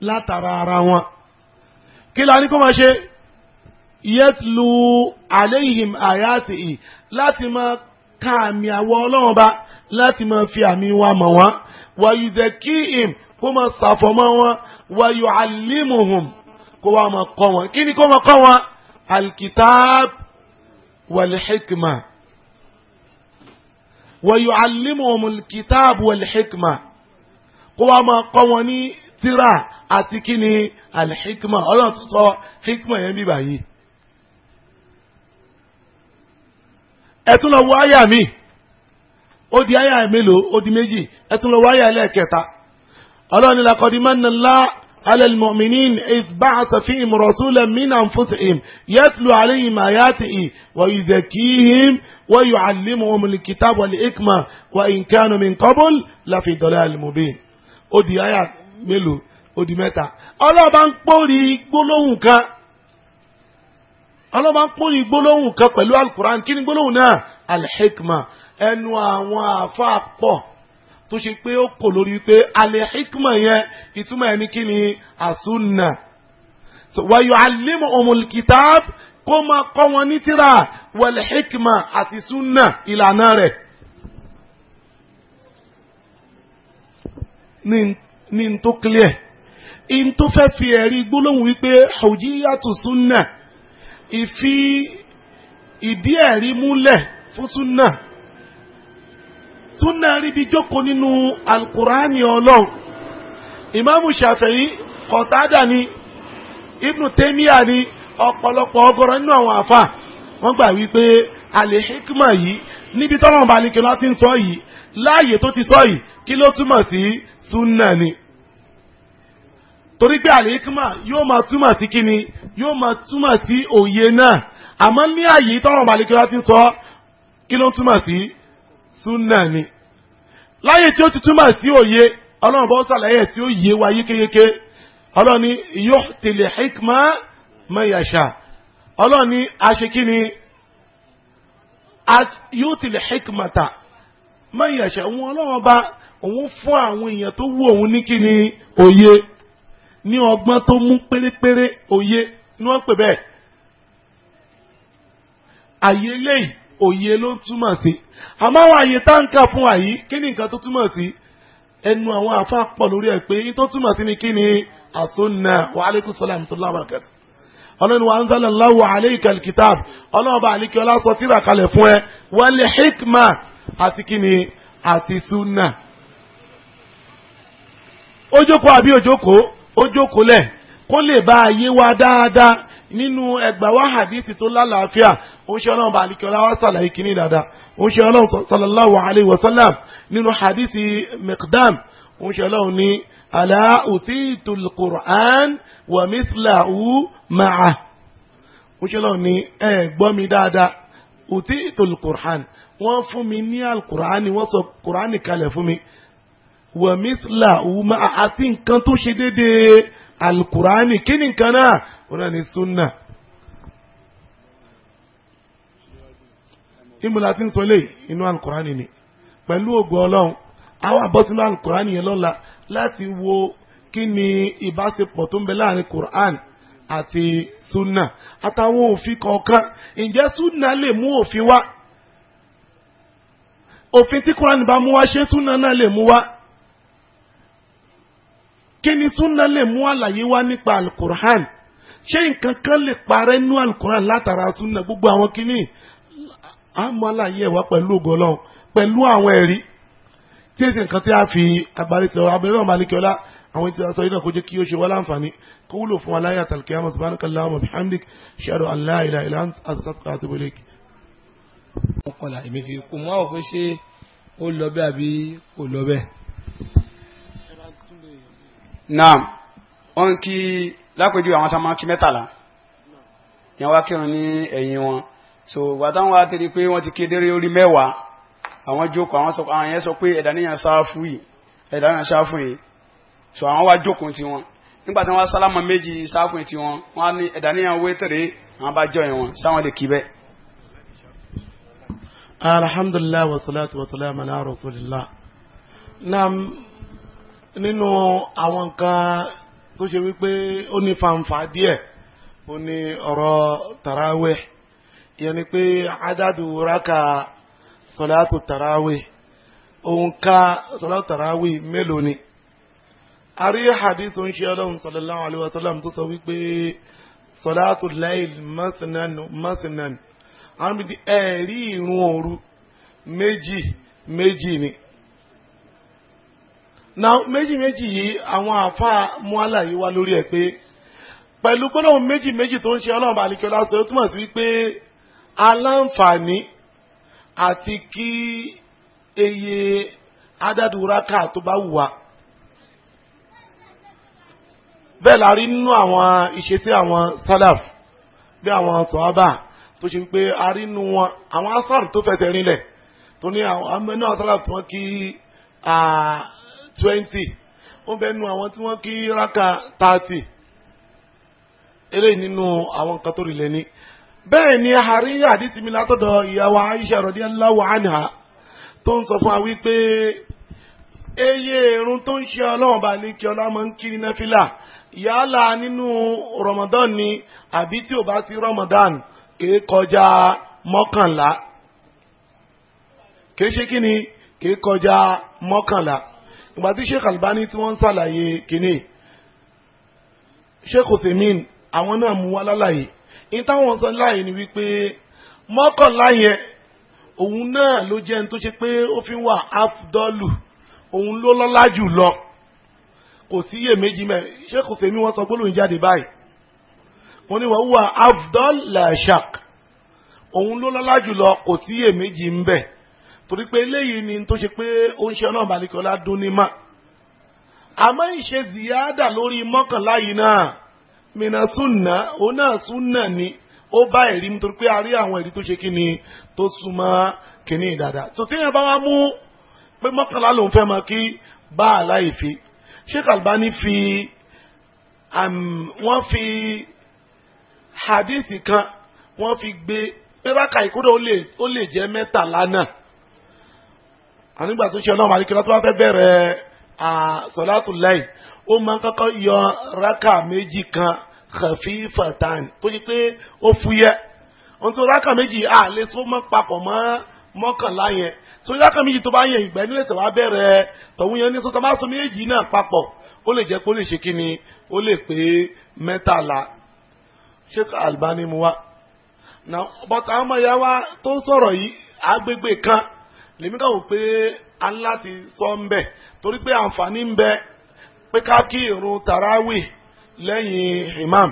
لا ترى روان كلا عليكم أشيء yẹtlu aleihim ayati i láti máa ka àmì àwọ ọlọ́run ba láti máa fi àmì wa mọ̀ wọ́n wàyù zakihim kó máa ṣàfọ̀mọ́ wọn wàyù alimuhum kó wá máa kọ́ wọn kí ni kó máa kọ́ wọn alkitab walhikma wàyù alimuhum alkitab walhikma kó wá máa kọ́ wọn ní tírà àti kí ni alhikma ọlọ́run tó sọ hikma yẹn bí báyìí. ẹtún lọ wọ àyà mi ó di àyà mélòó ó di méjì ẹtún lọ wọ àyà ẹlẹ́ẹ̀kẹta ọlọ́run ní lakọ́dí mẹ́nàlá على المؤمنين إذ بعث فيهم رسولا من أنفسهم يتلو عليهم آياته ويزكيهم ويعلمهم الكتاب والحكمة وإن كانوا من قبل لفي ضلال مبين ó di àyà mélòó ó di mẹ́ta Ọlọ́run ń pòrí gbólóhùn kan ọlọ́ba ń kó ní gbólóhùn kan pẹ̀lú alukuran kí ni gbólóhùn náà alihikma ẹnu àwọn àfa pọ̀ tó ṣe pé ó kò lórí pé alihikma yẹn ìtumọ̀ ẹni kí ni asunna wàyọ̀ alimu ọmọlùkìtàb kó máa kọ́ wọn ní tíra wàlihikma àti sunna ìlànà rẹ̀. ní n tó clear n tó fẹ́ fi ẹ̀rí gbólóhùn wípé hujiyatu sunna ìfi ìdí ẹ̀rí múlẹ̀ fún súnà súnà ríbi jókòó nínú alukurani ọlọ́run ìmáàmù ṣàfẹ̀yí kọ̀tádà ni ibnu tẹ́míà ni ọ̀pọ̀lọpọ̀ ọgọ́rọ̀ nínú àwọn àfà wọ́n gbà wípé àlè hikma yìí níbi tọ́lọ́mọba ni kí wọ́n ti ń sọ yìí láàyè tó ti sọ yìí kí ló túmọ̀ sí súnà ni torí pé àlékímà yóò máa túmọ̀ sí kíni yóò máa túmọ̀ sí òye náà àmọ́ ní àyè táwọn màlẹ́kíra ti sọ kí ló ń túmọ̀ sí súnà ni. láyé tí ó ti túmọ̀ sí òye ọlọ́run bọ́ sàlàyé tí ó yé wa yékéyéké ọlọ́run ni yuhti hikma man yasha ọlọ́run ni aṣekíni yuhti li hikmata man yasha òun ọlọ́run ọba òun fún àwọn èèyàn tó wù òun ní kíni òye ní ọgbọ́n tó mú pérépéré òye ni wọ́n pè bẹ́ẹ̀ àyè eléyìí òye ló túmọ̀ sí àmọ́ àwọn àyè táǹkà fún àyí kí ni nǹkan tó túmọ̀ sí ẹnu àwọn afa pọ̀ lórí ẹ̀ pé yín tó túmọ̀ sí ni kí ni àtúnà wa aleykum salaam tó lábàrà kẹtì ọlọ́run wa anzala Allahu alayka al-kitab ọlọ́run bá àlékè ọlá sọ tírà kalẹ̀ fún ẹ wal hikma àti kí ni àti sunna. ó jókòó àbí ó ó jókòó lẹ̀ kó lè bá ayé wa dáadáa nínú ẹgbà wa hadithi tó lálàáfíà ó ń ṣe ọlọ́run bàálíkì ọlá wa sàlàyé kínní dáadáa ó ń ṣe ọlọ́run sallallahu alayhi wa sallam nínú hadithi miqdam ó ń ṣe ọlọ́run ní ala utitu al-Qur'an wa mithlahu ó ṣe ọlọ́run ní ẹ mi dáadáa utitu al wọ́n fún mi ní al-Qur'an wọ́n sọ Qur'an kalẹ̀ fún mi wàmísìlà wùmá àti nǹkan tó ṣe déédéé alukurani kí ni nǹkan náà wọn náà ní sunna. ìmúlá ti ń sọ lé inú alukurani ni pẹ̀lú ògùn ọlọ́run àwọn àbọ̀sínú alukurani yẹn lọ́la láti wo kí ni ìbáṣepọ̀ tó ń bẹ láàrin Qur'an àti sunna àtàwọn òfin kọ̀ọ̀kan ǹjẹ́ sunna lè mú òfin wá òfin tí Qur'an bá mú wá ṣé sunna náà lè mú wá kí ni súnà lè mú àlàyé wá nípa alukur'an ṣé nǹkan kan lè parẹ́ nú alukur'an látara súnà gbogbo àwọn kìíní àmọ́ àlàyé wa pẹ̀lú ògọ́lọ́ pẹ̀lú àwọn ẹ̀rí tí èsì nǹkan tí a fi agbárí sọ̀rọ̀ abẹ́rẹ́ ọ̀ma ní kíọ́lá àwọn ètò àṣọ yìí náà kó jẹ́ kí ó ṣe wá láǹfààní kó wúlò fún aláyé àtàlùkẹ́ àmọ́ sùbánú kan láwọn ọmọbí hamdik ṣàdọ̀ aláìlá ìlà àtàkùn àti bọ́lẹ́kì. mo kọlà èmi fi kò mú àwọn pé ṣé ó lọ bẹ́ẹ̀ àbí kò lọ bẹ́ẹ̀ naam ó ń kí lápẹjù àwọn tá a máa kí mẹ́tàlá yẹn wá kírun ní ẹ̀yìn wọn so wàtáwọn wa ti rí pé wọ́n ti kéderé orí mẹ́wàá àwọn jókòó àwọn sọ àwọn yẹn sọ pé ẹ̀dá níyàn sáfù yìí ẹ̀dá níyàn sáfù yìí so àwọn wá jókòó ti wọn nígbà tí wọ́n sálámà méjì sáfù yìí ti wọn wọ́n ní ẹ̀dá níyàn wétèrè àwọn bá jọyìn wọn sáwọn lè kí bẹ́ẹ̀. alhamdulilayi wa salatu wa salam ala rasulillah naam nínú àwọn nǹkan tó ṣe wípé ó ní fanfa díẹ̀ ó ní ọ̀rọ̀ tarawih ìyẹn ni pé adadu raka sọláàtù tarawih òǹkà sọláàtù tarawih mélòó ni a rí hadith ń ṣe ọlọ́run sallallahu alaihi wasallam tó sọ wípé sọláàtù láìl mọ́sánánù mọ́sánánù àwọn ibi ẹ̀rí ìrun òru méjì méjì ni na méjì méjì yìí àwọn àáfàá muhala yìí wá lórí ẹ̀ pé pẹ̀lú gbólóhùn méjì méjì tó ń ṣe ọlọ́run bá àlekè ọlọ́sọ ó túmọ̀ sí wípé aláǹfààní àti kí eye adádúrákà tó bá wù wá bẹ́ẹ̀ la rí nínú àwọn ìṣesí àwọn sálàf bí àwọn sọ̀hábà tó ṣe wípé a rí nínú wọn àwọn asar tó fẹsẹ̀ rinlẹ̀ tó ní àwọn amẹ́nú àtàlà tí wọ́n kí twenty wọ́n fẹ́ nu àwọn tí wọ́n kí raka thirty eléyìí nínú àwọn nǹkan tó rìlẹ̀ ni. bẹ́ẹ̀ ni àríyá àdìsí mi látọ̀dọ̀ ìyàwó Aisha radiyallahu anha tó ń sọ fún wa wípé eye irun tó ń ṣe ọlọ́run bá ní kí ọlá máa ń kiri náfìlà yálà nínú Ramadan ni àbí tí ò bá sí Ramadan kìí kọjá mọ́kànlá kìí ṣe kí ni kìí kọjá mọ́kànlá ìgbà tí sheikh albani tí wọ́n ń ṣàlàyé kínní sheikh osemin àwọn náà mú wá lálàyé ìtàwọn sọ láàyè ni wípé mọ́kànlá yẹn òun náà ló jẹ́ ní tó ṣe pé ó fi wà áfdọ́lù òun ló lọ́lá jù lọ kò sí iye méjì mẹ́rin ṣé kò wọ́n sọ gbólóhùn jáde báyìí wọ́n ní wọ́n wà áfdọ́lù làṣàk òun ló lọ́lá jù lọ kò sí iye méjì ń bẹ torí pé eléyìí ni tó ṣe pé ó ń ṣe ọlọ́run balẹ̀kọ́lá dún ní mà àmọ́ ìṣe ziyada lórí mọ́kànlá yìí náà mìíràn súnà òun náà ni ó bá ẹ̀rí mi torí pé a rí àwọn ẹ̀rí tó ṣe kí ni tó súnmọ́ kínní dáadáa tó téèyàn bá wá mú pé mọ́kànlá lòun fẹ́ mọ kí bá a láì fi Sheikh Albani fi um, wọ́n fi hadisi kan wọ́n fi gbé pé bákà ìkúrò ó lè jẹ́ mẹ́tàlá náà ànígbà tó ṣe ọlọ́run àríkẹ́lá tó bá fẹ́ bẹ̀rẹ̀ sọ̀látù láì ó máa ń kọ́kọ́ yọ rákà méjì kan khafifatan tó ṣe pé ó fúyẹ́ ohun tó rákà méjì à lè so mọ́ papọ̀ mọ́ mọ́kànlá yẹn tó rákà méjì tó bá yẹ ìgbà ẹni lẹ́sẹ̀ wá bẹ̀rẹ̀ tọ̀hún yẹn ní sọ́tà máa so méjì náà papọ̀ ó lè jẹ́ pé lè ṣe kí ni ó lè pé mẹ́tàlá Sheikh Albani mu wa. bọ́tà àwọn ọmọ ìyá wa tó sọ̀rọ̀ yìí agbègbè kan lèmi kàn wò pé aláti sọ ń bẹ torí pé àǹfààní ń bẹ pé ká kí irun tàràwì lẹ́yìn imam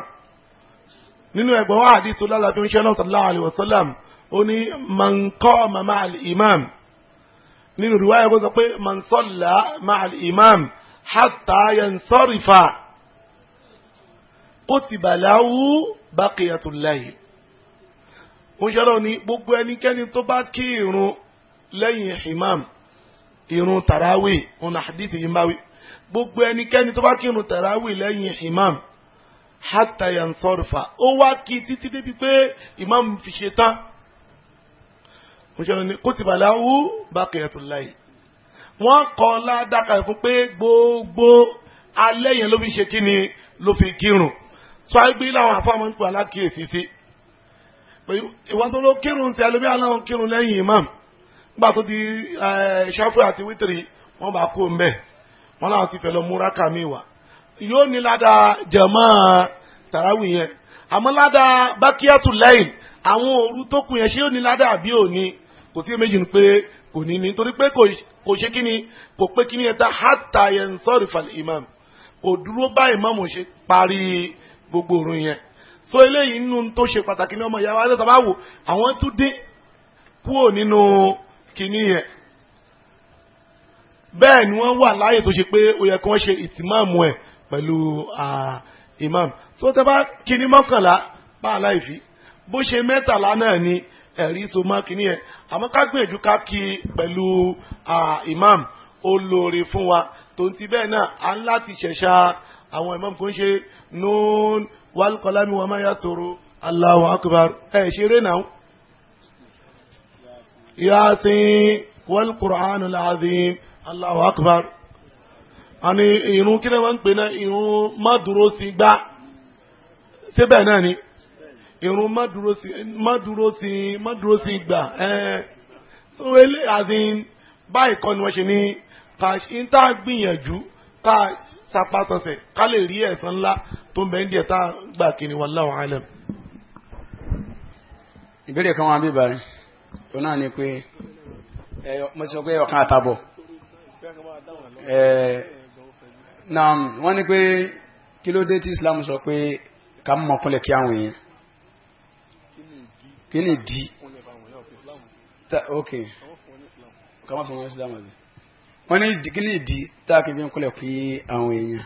nínú ẹgbẹ́ wa àdí tó lálàbí oníṣẹ́ náà sallallahu alayhi wa sallam ó ní man qama ma'al imam nínú riwaya kó sọ pé man salla ma'al imam hatta yansarifa kutiba lahu baqiyatul layl oníṣẹ́ náà ní gbogbo ẹnikẹ́ni tó bá kí irun lẹ́yìn imam irun tarawih òun àdìsí yìí bá wí gbogbo ẹnikẹ́ni tó bá kírun tarawih lẹ́yìn imam hatta yansorfa ó wá kí títí débi pé imam fi ṣe tán òṣèlú ni kutiba lahu baqiyatul layl wọ́n kọ́ ládàkà fún pé gbogbo alẹ́ yẹn ló fi ṣe kíni ló fi kírun sọ àgbé làwọn afọ́mọ́ ń pè alákìyèsí sí ìwọ́n tó ló kírun tẹ́ lómi aláwọn kírun lẹ́yìn imam nígbà tó di eh, ṣáfù àti wítìrì wọn bá kó mbẹ wọn làwọn ti fẹ́ lọ múra kàmí wa yóò ní ládàá jàmáà tàràwì yẹn àmọ́ ládàá bákíyàtù lẹ́yìn àwọn òru tó kù yẹn ṣé yóò ní ládàá àbí òní kò sí méjì pé kò ní ní torí pé kò ṣe kí ni kò pé kí ni ẹ ta hàtà yẹn sọrí falẹ imam kò dúró bá ìmáàmù ṣe parí gbogbo òru yẹn so eléyìí nínú tó ṣe pàtàkì ní ọmọ ìyá wa ẹ tẹ́tà bá wò àwọn tún dín kúrò nínú. No, kìíní yẹn bẹ́ẹ̀ ni wọ́n wà láàyè tó ṣe pé ó yẹ kí wọ́n ṣe ìtìmáàmù ẹ̀ pẹ̀lú imam so tẹ́ bá kìíní mọ́kànlá bá aláìfi bó ṣe mẹ́tàlá náà ni ẹ̀rí so mọ́ kìíní yẹn àmọ́ ká gbìyànjú ká kí pẹ̀lú imam ó lóore fún wa tòun ti bẹ́ẹ̀ náà à ń láti ṣẹ̀ṣà àwọn imam tó ń ṣe nún wàlúkọ̀lámi wọn máa yà sọ̀rọ̀ Allahu akbar ẹ̀ ṣeré náà yasin wal qur'an al-azim allahu akbar àní irun kí ni wọ́n ń pè náà irun má dúró sí gbá síbẹ̀ náà ni irun má dúró sí má dúró sí má dúró sí gbà ẹ̀ so ele azin báyìí kọ́ ni wọ́n ṣe ní ká ń gbìyànjú tá a ká lè rí ẹ̀san ńlá tó ń bẹ ń díẹ̀ tá a gbà kí ni wallahu alam. ìbéèrè kan wá bí báyìí tó náà ni pé mo ti sọ pé ọ̀kan àtàbọ̀ náà wọ́n ní pé kí ló dé tí Islam sọ pé ká mọ̀ kúnlẹ̀ kí àwọn èèyàn kí ni ìdí ok ká má fi wọn Islam àgbẹ̀ wọ́n ní kí ni ìdí tá a kì í fi kúnlẹ̀ kí àwọn èèyàn.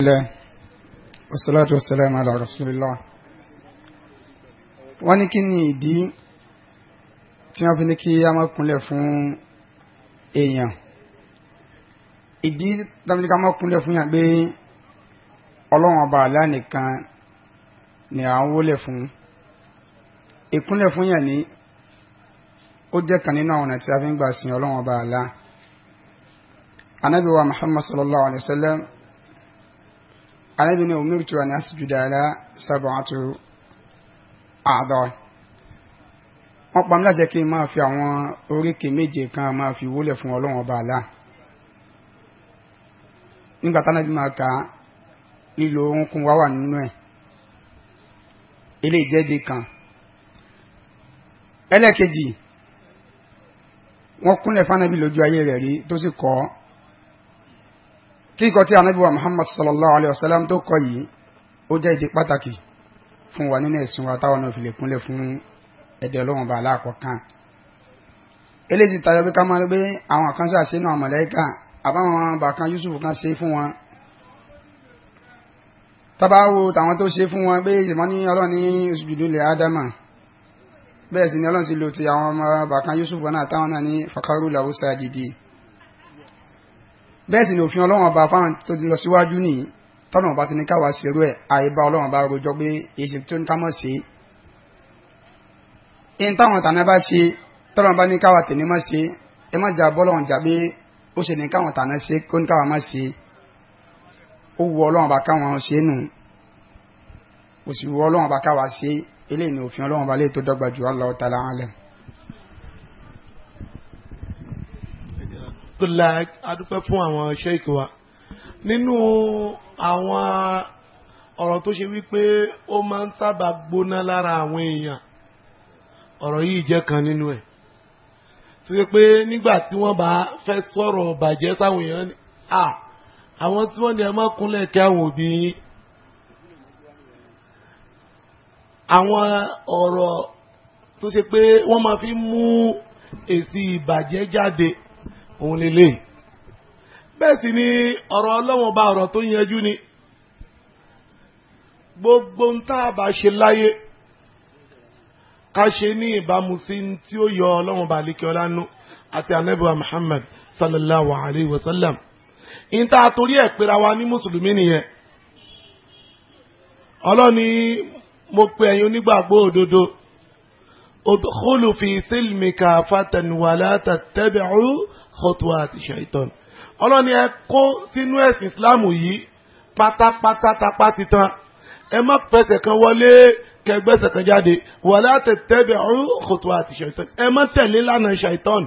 Bismillah wassalatu wassalamu ala rasulillah wọ́n ní kí ni ìdí tí wọ́n fi ní kí a máa kúnlẹ̀ fún èèyàn ìdí tàbí ká máa kúnlẹ̀ fún yàn pé ọlọ́run ọba àlá nìkan ni à ń wólẹ̀ fún ìkúnlẹ̀ fún yàn ní ó jẹ́ kan nínú àwọn ọ̀nà tí a fi ń gbà sin ọlọ́run ọba àlá anabi wa muhammad sallallahu alayhi wa sallam anabi ni umirtu an asjuda ala sab'atu àádọ́ wọ́n pa mí láṣẹ kí n máa fi àwọn oríkè méje kan máa fi wólẹ̀ fún ọlọ́run ọba àlá nígbà táwọn ẹbí máa ka lílo orúnkún wá wà nínú ẹ̀ ilé ìjẹ́de kan ẹlẹ́ẹ̀kejì wọ́n kúnlẹ̀ fánábì lójú ayé rẹ̀ rí tó sì kọ́ kíkọ́ tí anábì muhammad sallallahu alayhi wa sallam tó kọ́ yìí ó jẹ́ ìdí pàtàkì fún wa nínú ẹ̀sìn wa táwọn náà fi lè kúnlẹ̀ fún ẹ̀dẹ̀ ọlọ́run bá aláàkọ́kàn eléyìí tayọ pé ká máa gbé àwọn kan sàṣe náà mọ̀lẹ́kà àbáwọn bàkan Yusuf kan ṣe fún wọn tábàáwo tàwọn tó ṣe fún wọn pé ìmọ̀ ní ọlọ́run ní usjudu li ádámà bẹ́ẹ̀ sì ni ọlọ́run sì lò ti àwọn ọmọ bàkan Yusuf náà táwọn náà ní fakaru làwùsà jìdì bẹ́ẹ̀ sì ni òfin ọlọ́run ọba fáwọn tó lọ síwájú nìyí tọ́nà ọba ti ní káwa ṣerú ẹ̀ àìbá ọlọ́run bá rojọ́ pé èsì tó ń kámọ̀ sí. ẹni táwọn tàná bá ṣe tọ́nà ọba ní káwa tèmi má ṣe ẹ má jà bọ́lọ́run jà pé ó ṣe ní káwọn tàná ṣe kó ní káwa má ṣe. ó wu ọlọ́run bá káwọn ṣe nù kò sì wu ọlọ́run bá káwa ṣe eléyìí ni òfin ọlọ́run bá lè tó dọ́gba jù Allah ta'ala alam. adúpẹ́ fún àwọn ṣẹ́ẹ̀kì wa nínú àwọn ọ̀rọ̀ tó ṣe wípé ó máa ń sábà gbóná lára àwọn èèyàn ọ̀rọ̀ yìí jẹ́ kan nínú ẹ̀ tó ṣe pé nígbà tí wọ́n bá fẹ́ sọ̀rọ̀ bàjẹ́ sáwọn èèyàn ni à àwọn tí wọ́n ní ẹ má kúnlẹ̀ kí àwọn òbí yín àwọn ọ̀rọ̀ tó ṣe pé wọ́n máa fi mú èsì ìbàjẹ́ jáde òun lélẹ́yìí bẹ́ẹ̀ sì ni ọ̀rọ̀ ọlọ́wọ́n bá ọ̀rọ̀ tó yanjú ni gbogbo ń tá a bá ṣe láyé ká ṣe ní ìbámu sí tí ó yọ ọlọ́wọ́n bá lékè ọlá nú àti anábìwá Muhammad sallallahu alayhi wa sallam ń tá a torí ẹ̀ pera wa ní mùsùlùmí nìyẹn ọlọ́ni mo pe ẹ̀yin onígbàgbọ́ òdodo udkhulu fi silmi kafatan wala tattabi'u khutuwati shaitan ọlọ́ni ẹ kó sínú ẹ̀sìn islam yìí pátápátá tapá ti tán ẹ má fẹsẹ̀ kan wọlé kẹgbẹ́sẹ̀ kan jáde wala tattabi'u khutuwati shaitan ẹ má tẹ̀lé lánàá shaitan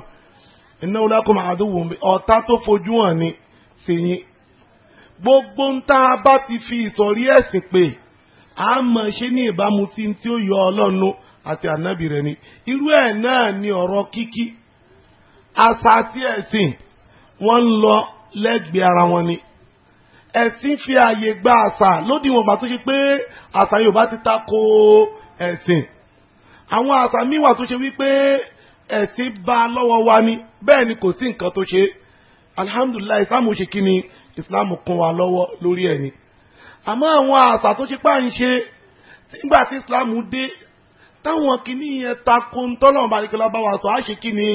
innahu lakum aduwwun ọ̀tá tó fojú hàn ni sèyìn gbogbo ń tá a bá ti fi ìsọ̀rí ẹ̀sìn pé a mọ̀ ṣe ní ìbámu sí tí ó yọ ọlọ́nu àti ànábì rẹ̀ ni irú ẹ̀ náà ni ọ̀rọ̀ kíkí àṣà àti ẹ̀sìn wọ́n ń lọ lẹ́gbẹ̀ẹ́ ara wọn ni ẹ̀sìn fi ààyè gba àṣà lódiwọ̀n bá tó ṣe pé àṣà Yorùbá ti ta ko ẹ̀sìn àwọn àṣà míì wà tó ṣe wípé ẹ̀sìn bá a lọ́wọ́ wa ni bẹ́ẹ̀ ni kò sí nǹkan tó ṣe alihamudulilayi islam ṣe kí ni islam kún wa lọ́wọ́ lórí ẹ̀ ni àmọ́ àwọn àṣà tó ṣe pà nígbà tí islam dé táwọn kìíní yẹn takò ń tọ́lọ́run bá wa sọ á ṣe kí ni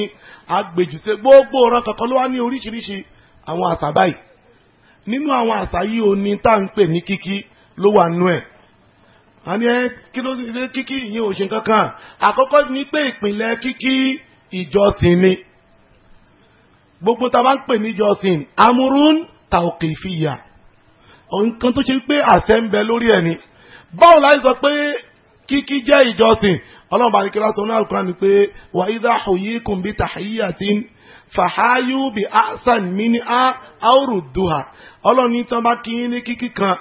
àgbèjúṣe gbogbo ọ̀ràn kankan ló wá ní oríṣiríṣi àwọn àṣà báyìí nínú àwọn àṣà yìí ò ní tá à ń pè ní kíkí ló wà nú ẹ̀ àní ẹ kí ló ṣe kíkí ìyẹn ò ṣe kankan àkọ́kọ́ ni pé ìpìlẹ̀ kíkí ìjọsìn ni gbogbo tá a bá ń pè ní ìjọsìn amúrún tàòkè ìfìyà nǹkan tó ṣe pé àṣẹ ń bẹ lórí ẹ̀ ni báwo láì sọ pé kíkí jẹ́ ìjọsìn ọlọ́run bá nìkẹ́ lásán ní àlùkùránì ni pé wà ídà huyikum bí tahiyatin fàháyù bí ahsan mini a aurudduha ọlọ́run ní tán bá kí ní kíkí kan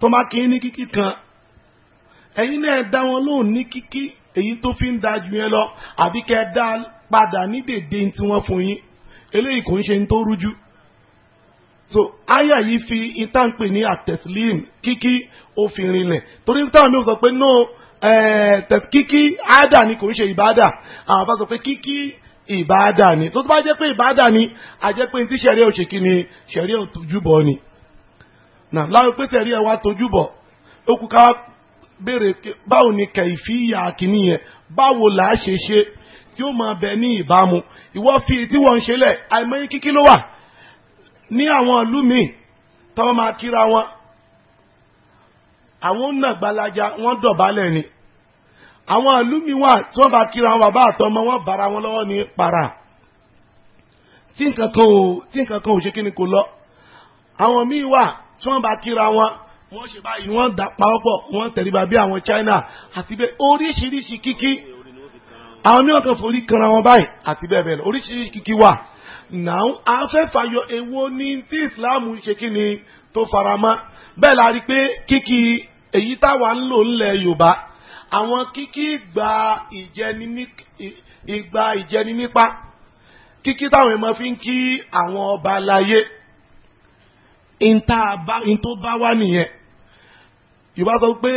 tán bá kí ní kíkí kan ẹ̀yin náà dá wọn lóhùn ní kíkí èyí tó fi ń da jù yẹn lọ àbí kẹ́ dá padà ní dèdè tí wọ́n fún yín eléyìí kò ń ṣe ń tó rújú so aya yìí fi ìtànpè ní àtẹ̀sílìm kíkí ó fi rinlẹ̀ torí táwọn mi sọ pé no eh, kíkí àádà ni kò ń ṣe ìbádà àwọn afá sọ pé kíkí ìbádà ni tó bá jẹ́ pé ìbádà ni a jẹ́ pé tí ṣẹ̀rí ẹ̀ ò ṣe kí ni ṣẹ̀rí ẹ̀ ò tójúbọ̀ ni láwọn pé ṣẹ̀rí ẹ̀ wá tójúbọ̀ ó kú ká béèrè báwo ni kẹ̀ìfìyà kìíní yẹn báwo là á ṣe ṣe tí ó máa bẹ ní ìbámu ìwọ fi tí wọ́n ń ṣe lẹ̀ àìmọye kíkí ló wà ní àwọn ìlú míì tọ́wọ́ máa kíra wọn àwọn náà gbalaja dọ̀bálẹ̀ ni àwọn ìlú míì wà tí wọ́n bá kíra wọn bàbá àtọmọ wọn bára wọn lọ́wọ́ ní para tí nǹkan kan ò tí nǹkan kan ò ṣe kí ni kò lọ àwọn míì wà tí wọ́n bá kíra wọn wọ́n ṣe báyìí wọ́n dà pawọ́pọ̀ wọ́n tẹríba bí àwọn China àti bẹ́ẹ̀ oríṣiríṣi kíkí àwọn mìíràn kan forí kanra wọn báyìí àti bẹ́ẹ̀ bẹ́ẹ̀ lọ oríṣiríṣi kíkí wà náà afẹ́fàyọ èwo ní tí islam ṣe kí ni tó faramọ́ bẹ́ẹ̀ la rí i pé kíkí èyí táwa ń lò ńlẹ̀ yorùbá àwọn kíkí ìgbà ìjẹni nípa kíkí táwọn èèmọ̀ fi ń kí àwọn ọba láyé n tó bá wá nìyẹn yorùbá sọ pé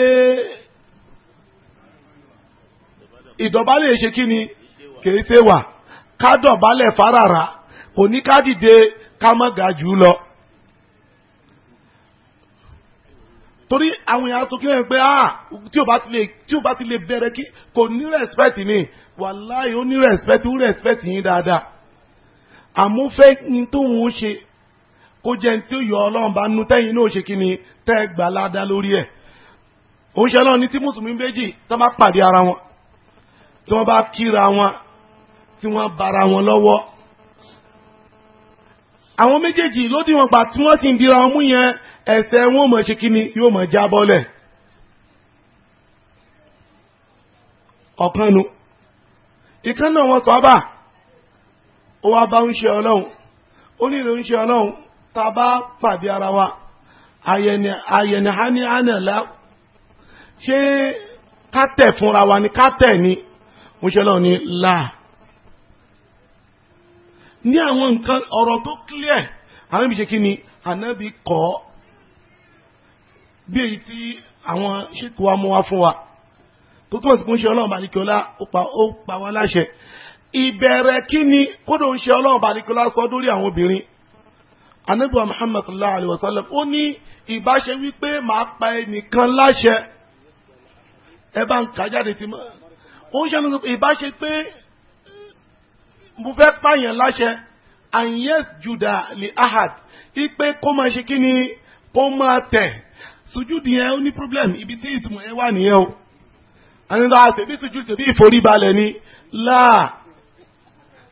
ìdọ̀bálẹ̀ ṣe kí ni kì ṣe wà ká dọ̀bálẹ̀ fárara kò ní ká dìde ká má ga jù lọ. torí àwọn èèyàn sọ kí wọ́n pé ah tí o bá ti lè tí o bá ti lè bẹ̀rẹ̀ kí kò ní respect ni wàláì ó ní respect ó respect yín dáadáa àmọ́ ni tóun ó ṣe kó jẹ́ tí ó yọ ọlọ́run bá nu tẹ́yìn náà ṣe kí ni tẹ́ gbà ládá lórí ẹ̀ òun ṣe náà ní tí mùsùlùmí méjì tó bá pàdé ara wọn tí wọ́n bá kíra wọn tí wọ́n bara wọn lọ́wọ́ àwọn méjèèjì ló ti wọn gbà tí wọ́n ti ń dira ọmú yẹn ẹsẹ̀ wọn ò mọ̀ ṣe kí ni yóò mọ̀ já bọ́lẹ̀. ọ̀kan nu ìkan náà wọn sọ́ọ́bà ó wá bá ń ṣe ọlọ́run ó ní ìlú ń ṣe ọlọ́run tá a bá pàdé ara wa àyẹ̀ni àyẹ̀ni hání ànàlá ṣé ká tẹ̀ fúnra wa ni ká tẹ̀ ni mo ṣe lọ́run ní láà ní àwọn nǹkan ọ̀rọ̀ tó clear ànábì ṣe kí ni ànábì kọ́ bí èyí tí àwọn ṣètò wa mú wa fún wa tó túmọ̀ sí pé ń ṣe ọlọ́run balikọ́lá ó pa wá láṣẹ ìbẹ̀rẹ̀ kí ni kódò ń ṣe ọlọ́run balikọ́lá sọ lórí àwọn obìnrin ànábì wa Muhammad sallallahu alayhi wa sallam ó ní ìbáṣe wípé màá pa ẹnìkan láṣẹ ẹ bá ń kà tí mo ń ṣe ìbáṣe pé mo fẹ́ pààyàn láṣẹ and yes juda li ahad ipe kó máa ṣe kí ni kó máa tẹ̀ sùjúdì yẹn ó ní problem ibi tí ìtumọ̀ yẹn wà nìyẹn o àníńdá àṣẹbí sùjúdì bí ìforíbalẹ̀ ni láà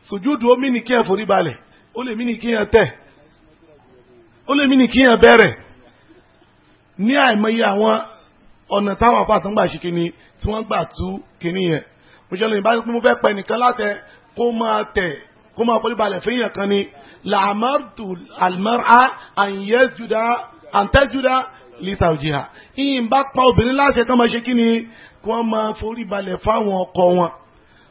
sùjúdù ó mí ní kí ẹ foríbalẹ̀ ó lè mí ní kí ẹ tẹ̀ ó lè mí ní kí ẹ bẹ̀rẹ̀ ní àìmọye àwọn ọ̀nà táwọn àpá ṣe kí ni tí wọ́n gbà tú kí ni yẹn mo jẹ́ lóyún bá pé mo fẹ́ pẹ́ nìkan látẹ̀ kó máa tẹ̀ kó máa forí balẹ̀ fún yàn kan ni làmàtù àlùmọ́ra àyẹ̀júdà àǹtẹ́júdà lítà òjìhà ìyìn bá pa obìnrin láṣẹ kán máa ṣe kí ni kí wọ́n máa forí balẹ̀ fáwọn ọkọ wọn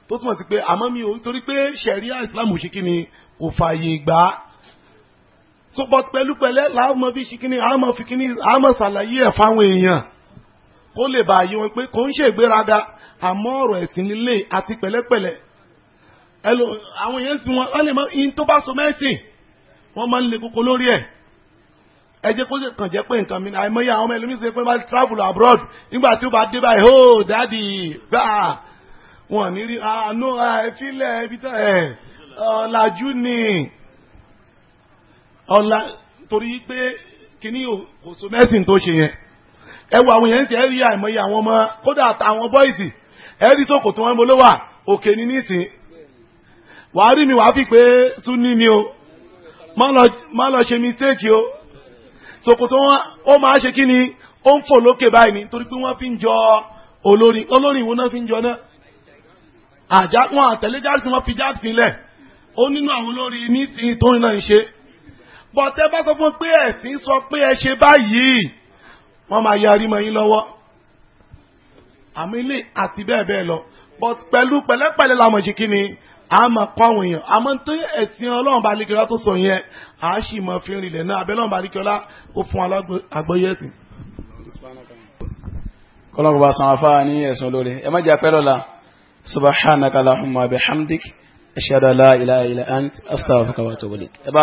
tó túmọ̀ sí pé àmọ́ mi ò torí pé ṣẹ̀ríà ìsìlámù ṣe kí ni kò fààyè gbà á sopọ̀ pẹ̀lúpẹ̀lẹ́ làwọn ọmọ fi ṣe kí ni àwọn fi kí ni àwọn ọmọ ṣàlàyé fáwọn èèyàn kó lè bàyí wọn pé kò ń ṣègbéraga àmọ́ ọ̀rọ̀ ẹ̀sìn nílé àti pẹ̀lẹ́pẹ̀lẹ́ ẹlò àwọn èèyàn tí wọn lè mọ in tó bá so mẹ́sìn wọ́n máa ń le koko lórí ẹ̀ ẹ jẹ́ kó kàn jẹ́ pé nǹkan mi náà àìmọye àwọn ọmọ ẹlòmíín ṣe pé máa travel abroad nígbà tí ó bá dé báyìí ó oh, dáàdì gbà wọn ní rí àánú ah, ah, ẹfílẹ̀ ibi tó ẹ ọ̀làjú ni ọ̀là torí pé kíní kò so mẹ́sìn tó ṣe yẹn ẹ wo àwọn èèyàn ti ẹ rí àìmọye àwọn ọmọ kódà àtàwọn bọ́ìsì ẹ rí sókò tí bolówà òkè ní nísìn wàá rí mi wàá fi pé súnni ni o má lọ ṣe mistake o ṣòkòtò wọn ó máa ṣe kí ni ó ń fò lókè báyìí ni torí pé wọ́n fi ń jọ olórin olórin ìwo náà fi ń jọ náà àjá wọn àtẹ̀lé Jackson wọ́n fi Jackson lẹ̀ ó nínú àwọn olórin ní ti tóun náà ń ṣe bọ̀tẹ́ bá sọ fún pé ẹ̀sìn sọ pé ẹ ṣe báyìí wọ́n máa yarí mọ́ yín lọ́wọ́ àmì ilé àti bẹ́ẹ̀ bẹ́ẹ̀ lọ but pẹ̀lú pẹ̀lẹ́pẹ̀lẹ́ la mọ̀ ṣe kí ni a ma kọ́ àwọn èèyàn àmọ́ tó ẹ̀sìn ọlọ́run bá lékeọlá tó sọ yẹn a sì mọ fi rìnlẹ̀ náà abẹ́ ọlọ́run bá lékeọlá ó fún wa lágbóyè ẹ̀sìn. kọ́lọ́kù bá san afárá ní ẹ̀sùn olóore ẹ má jẹ́ apẹ́ lọ́la subhanaka allahumma bihamdik ashhadu an la ilaha illa ant astaghfiruka wa atubu